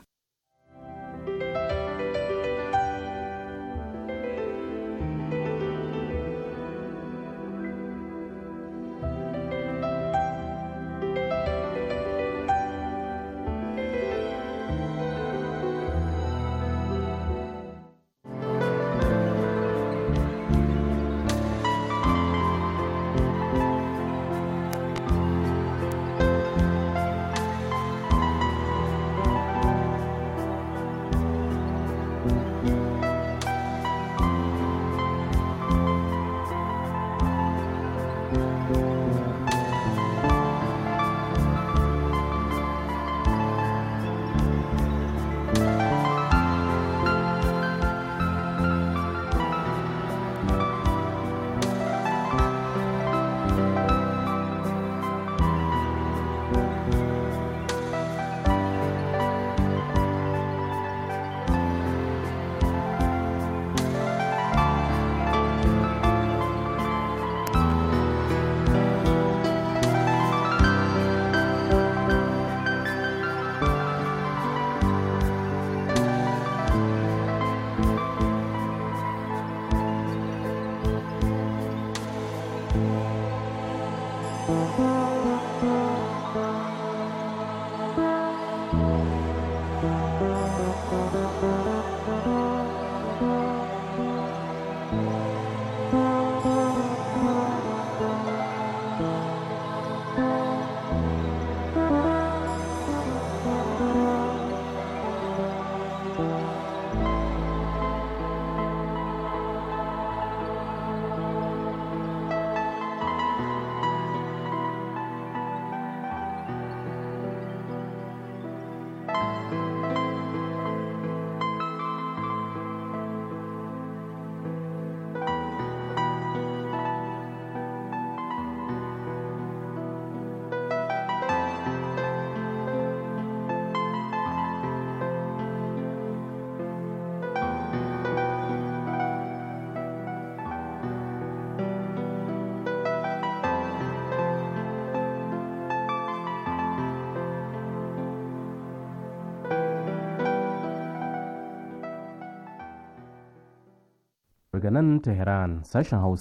daga nan Tehran sashen Hausa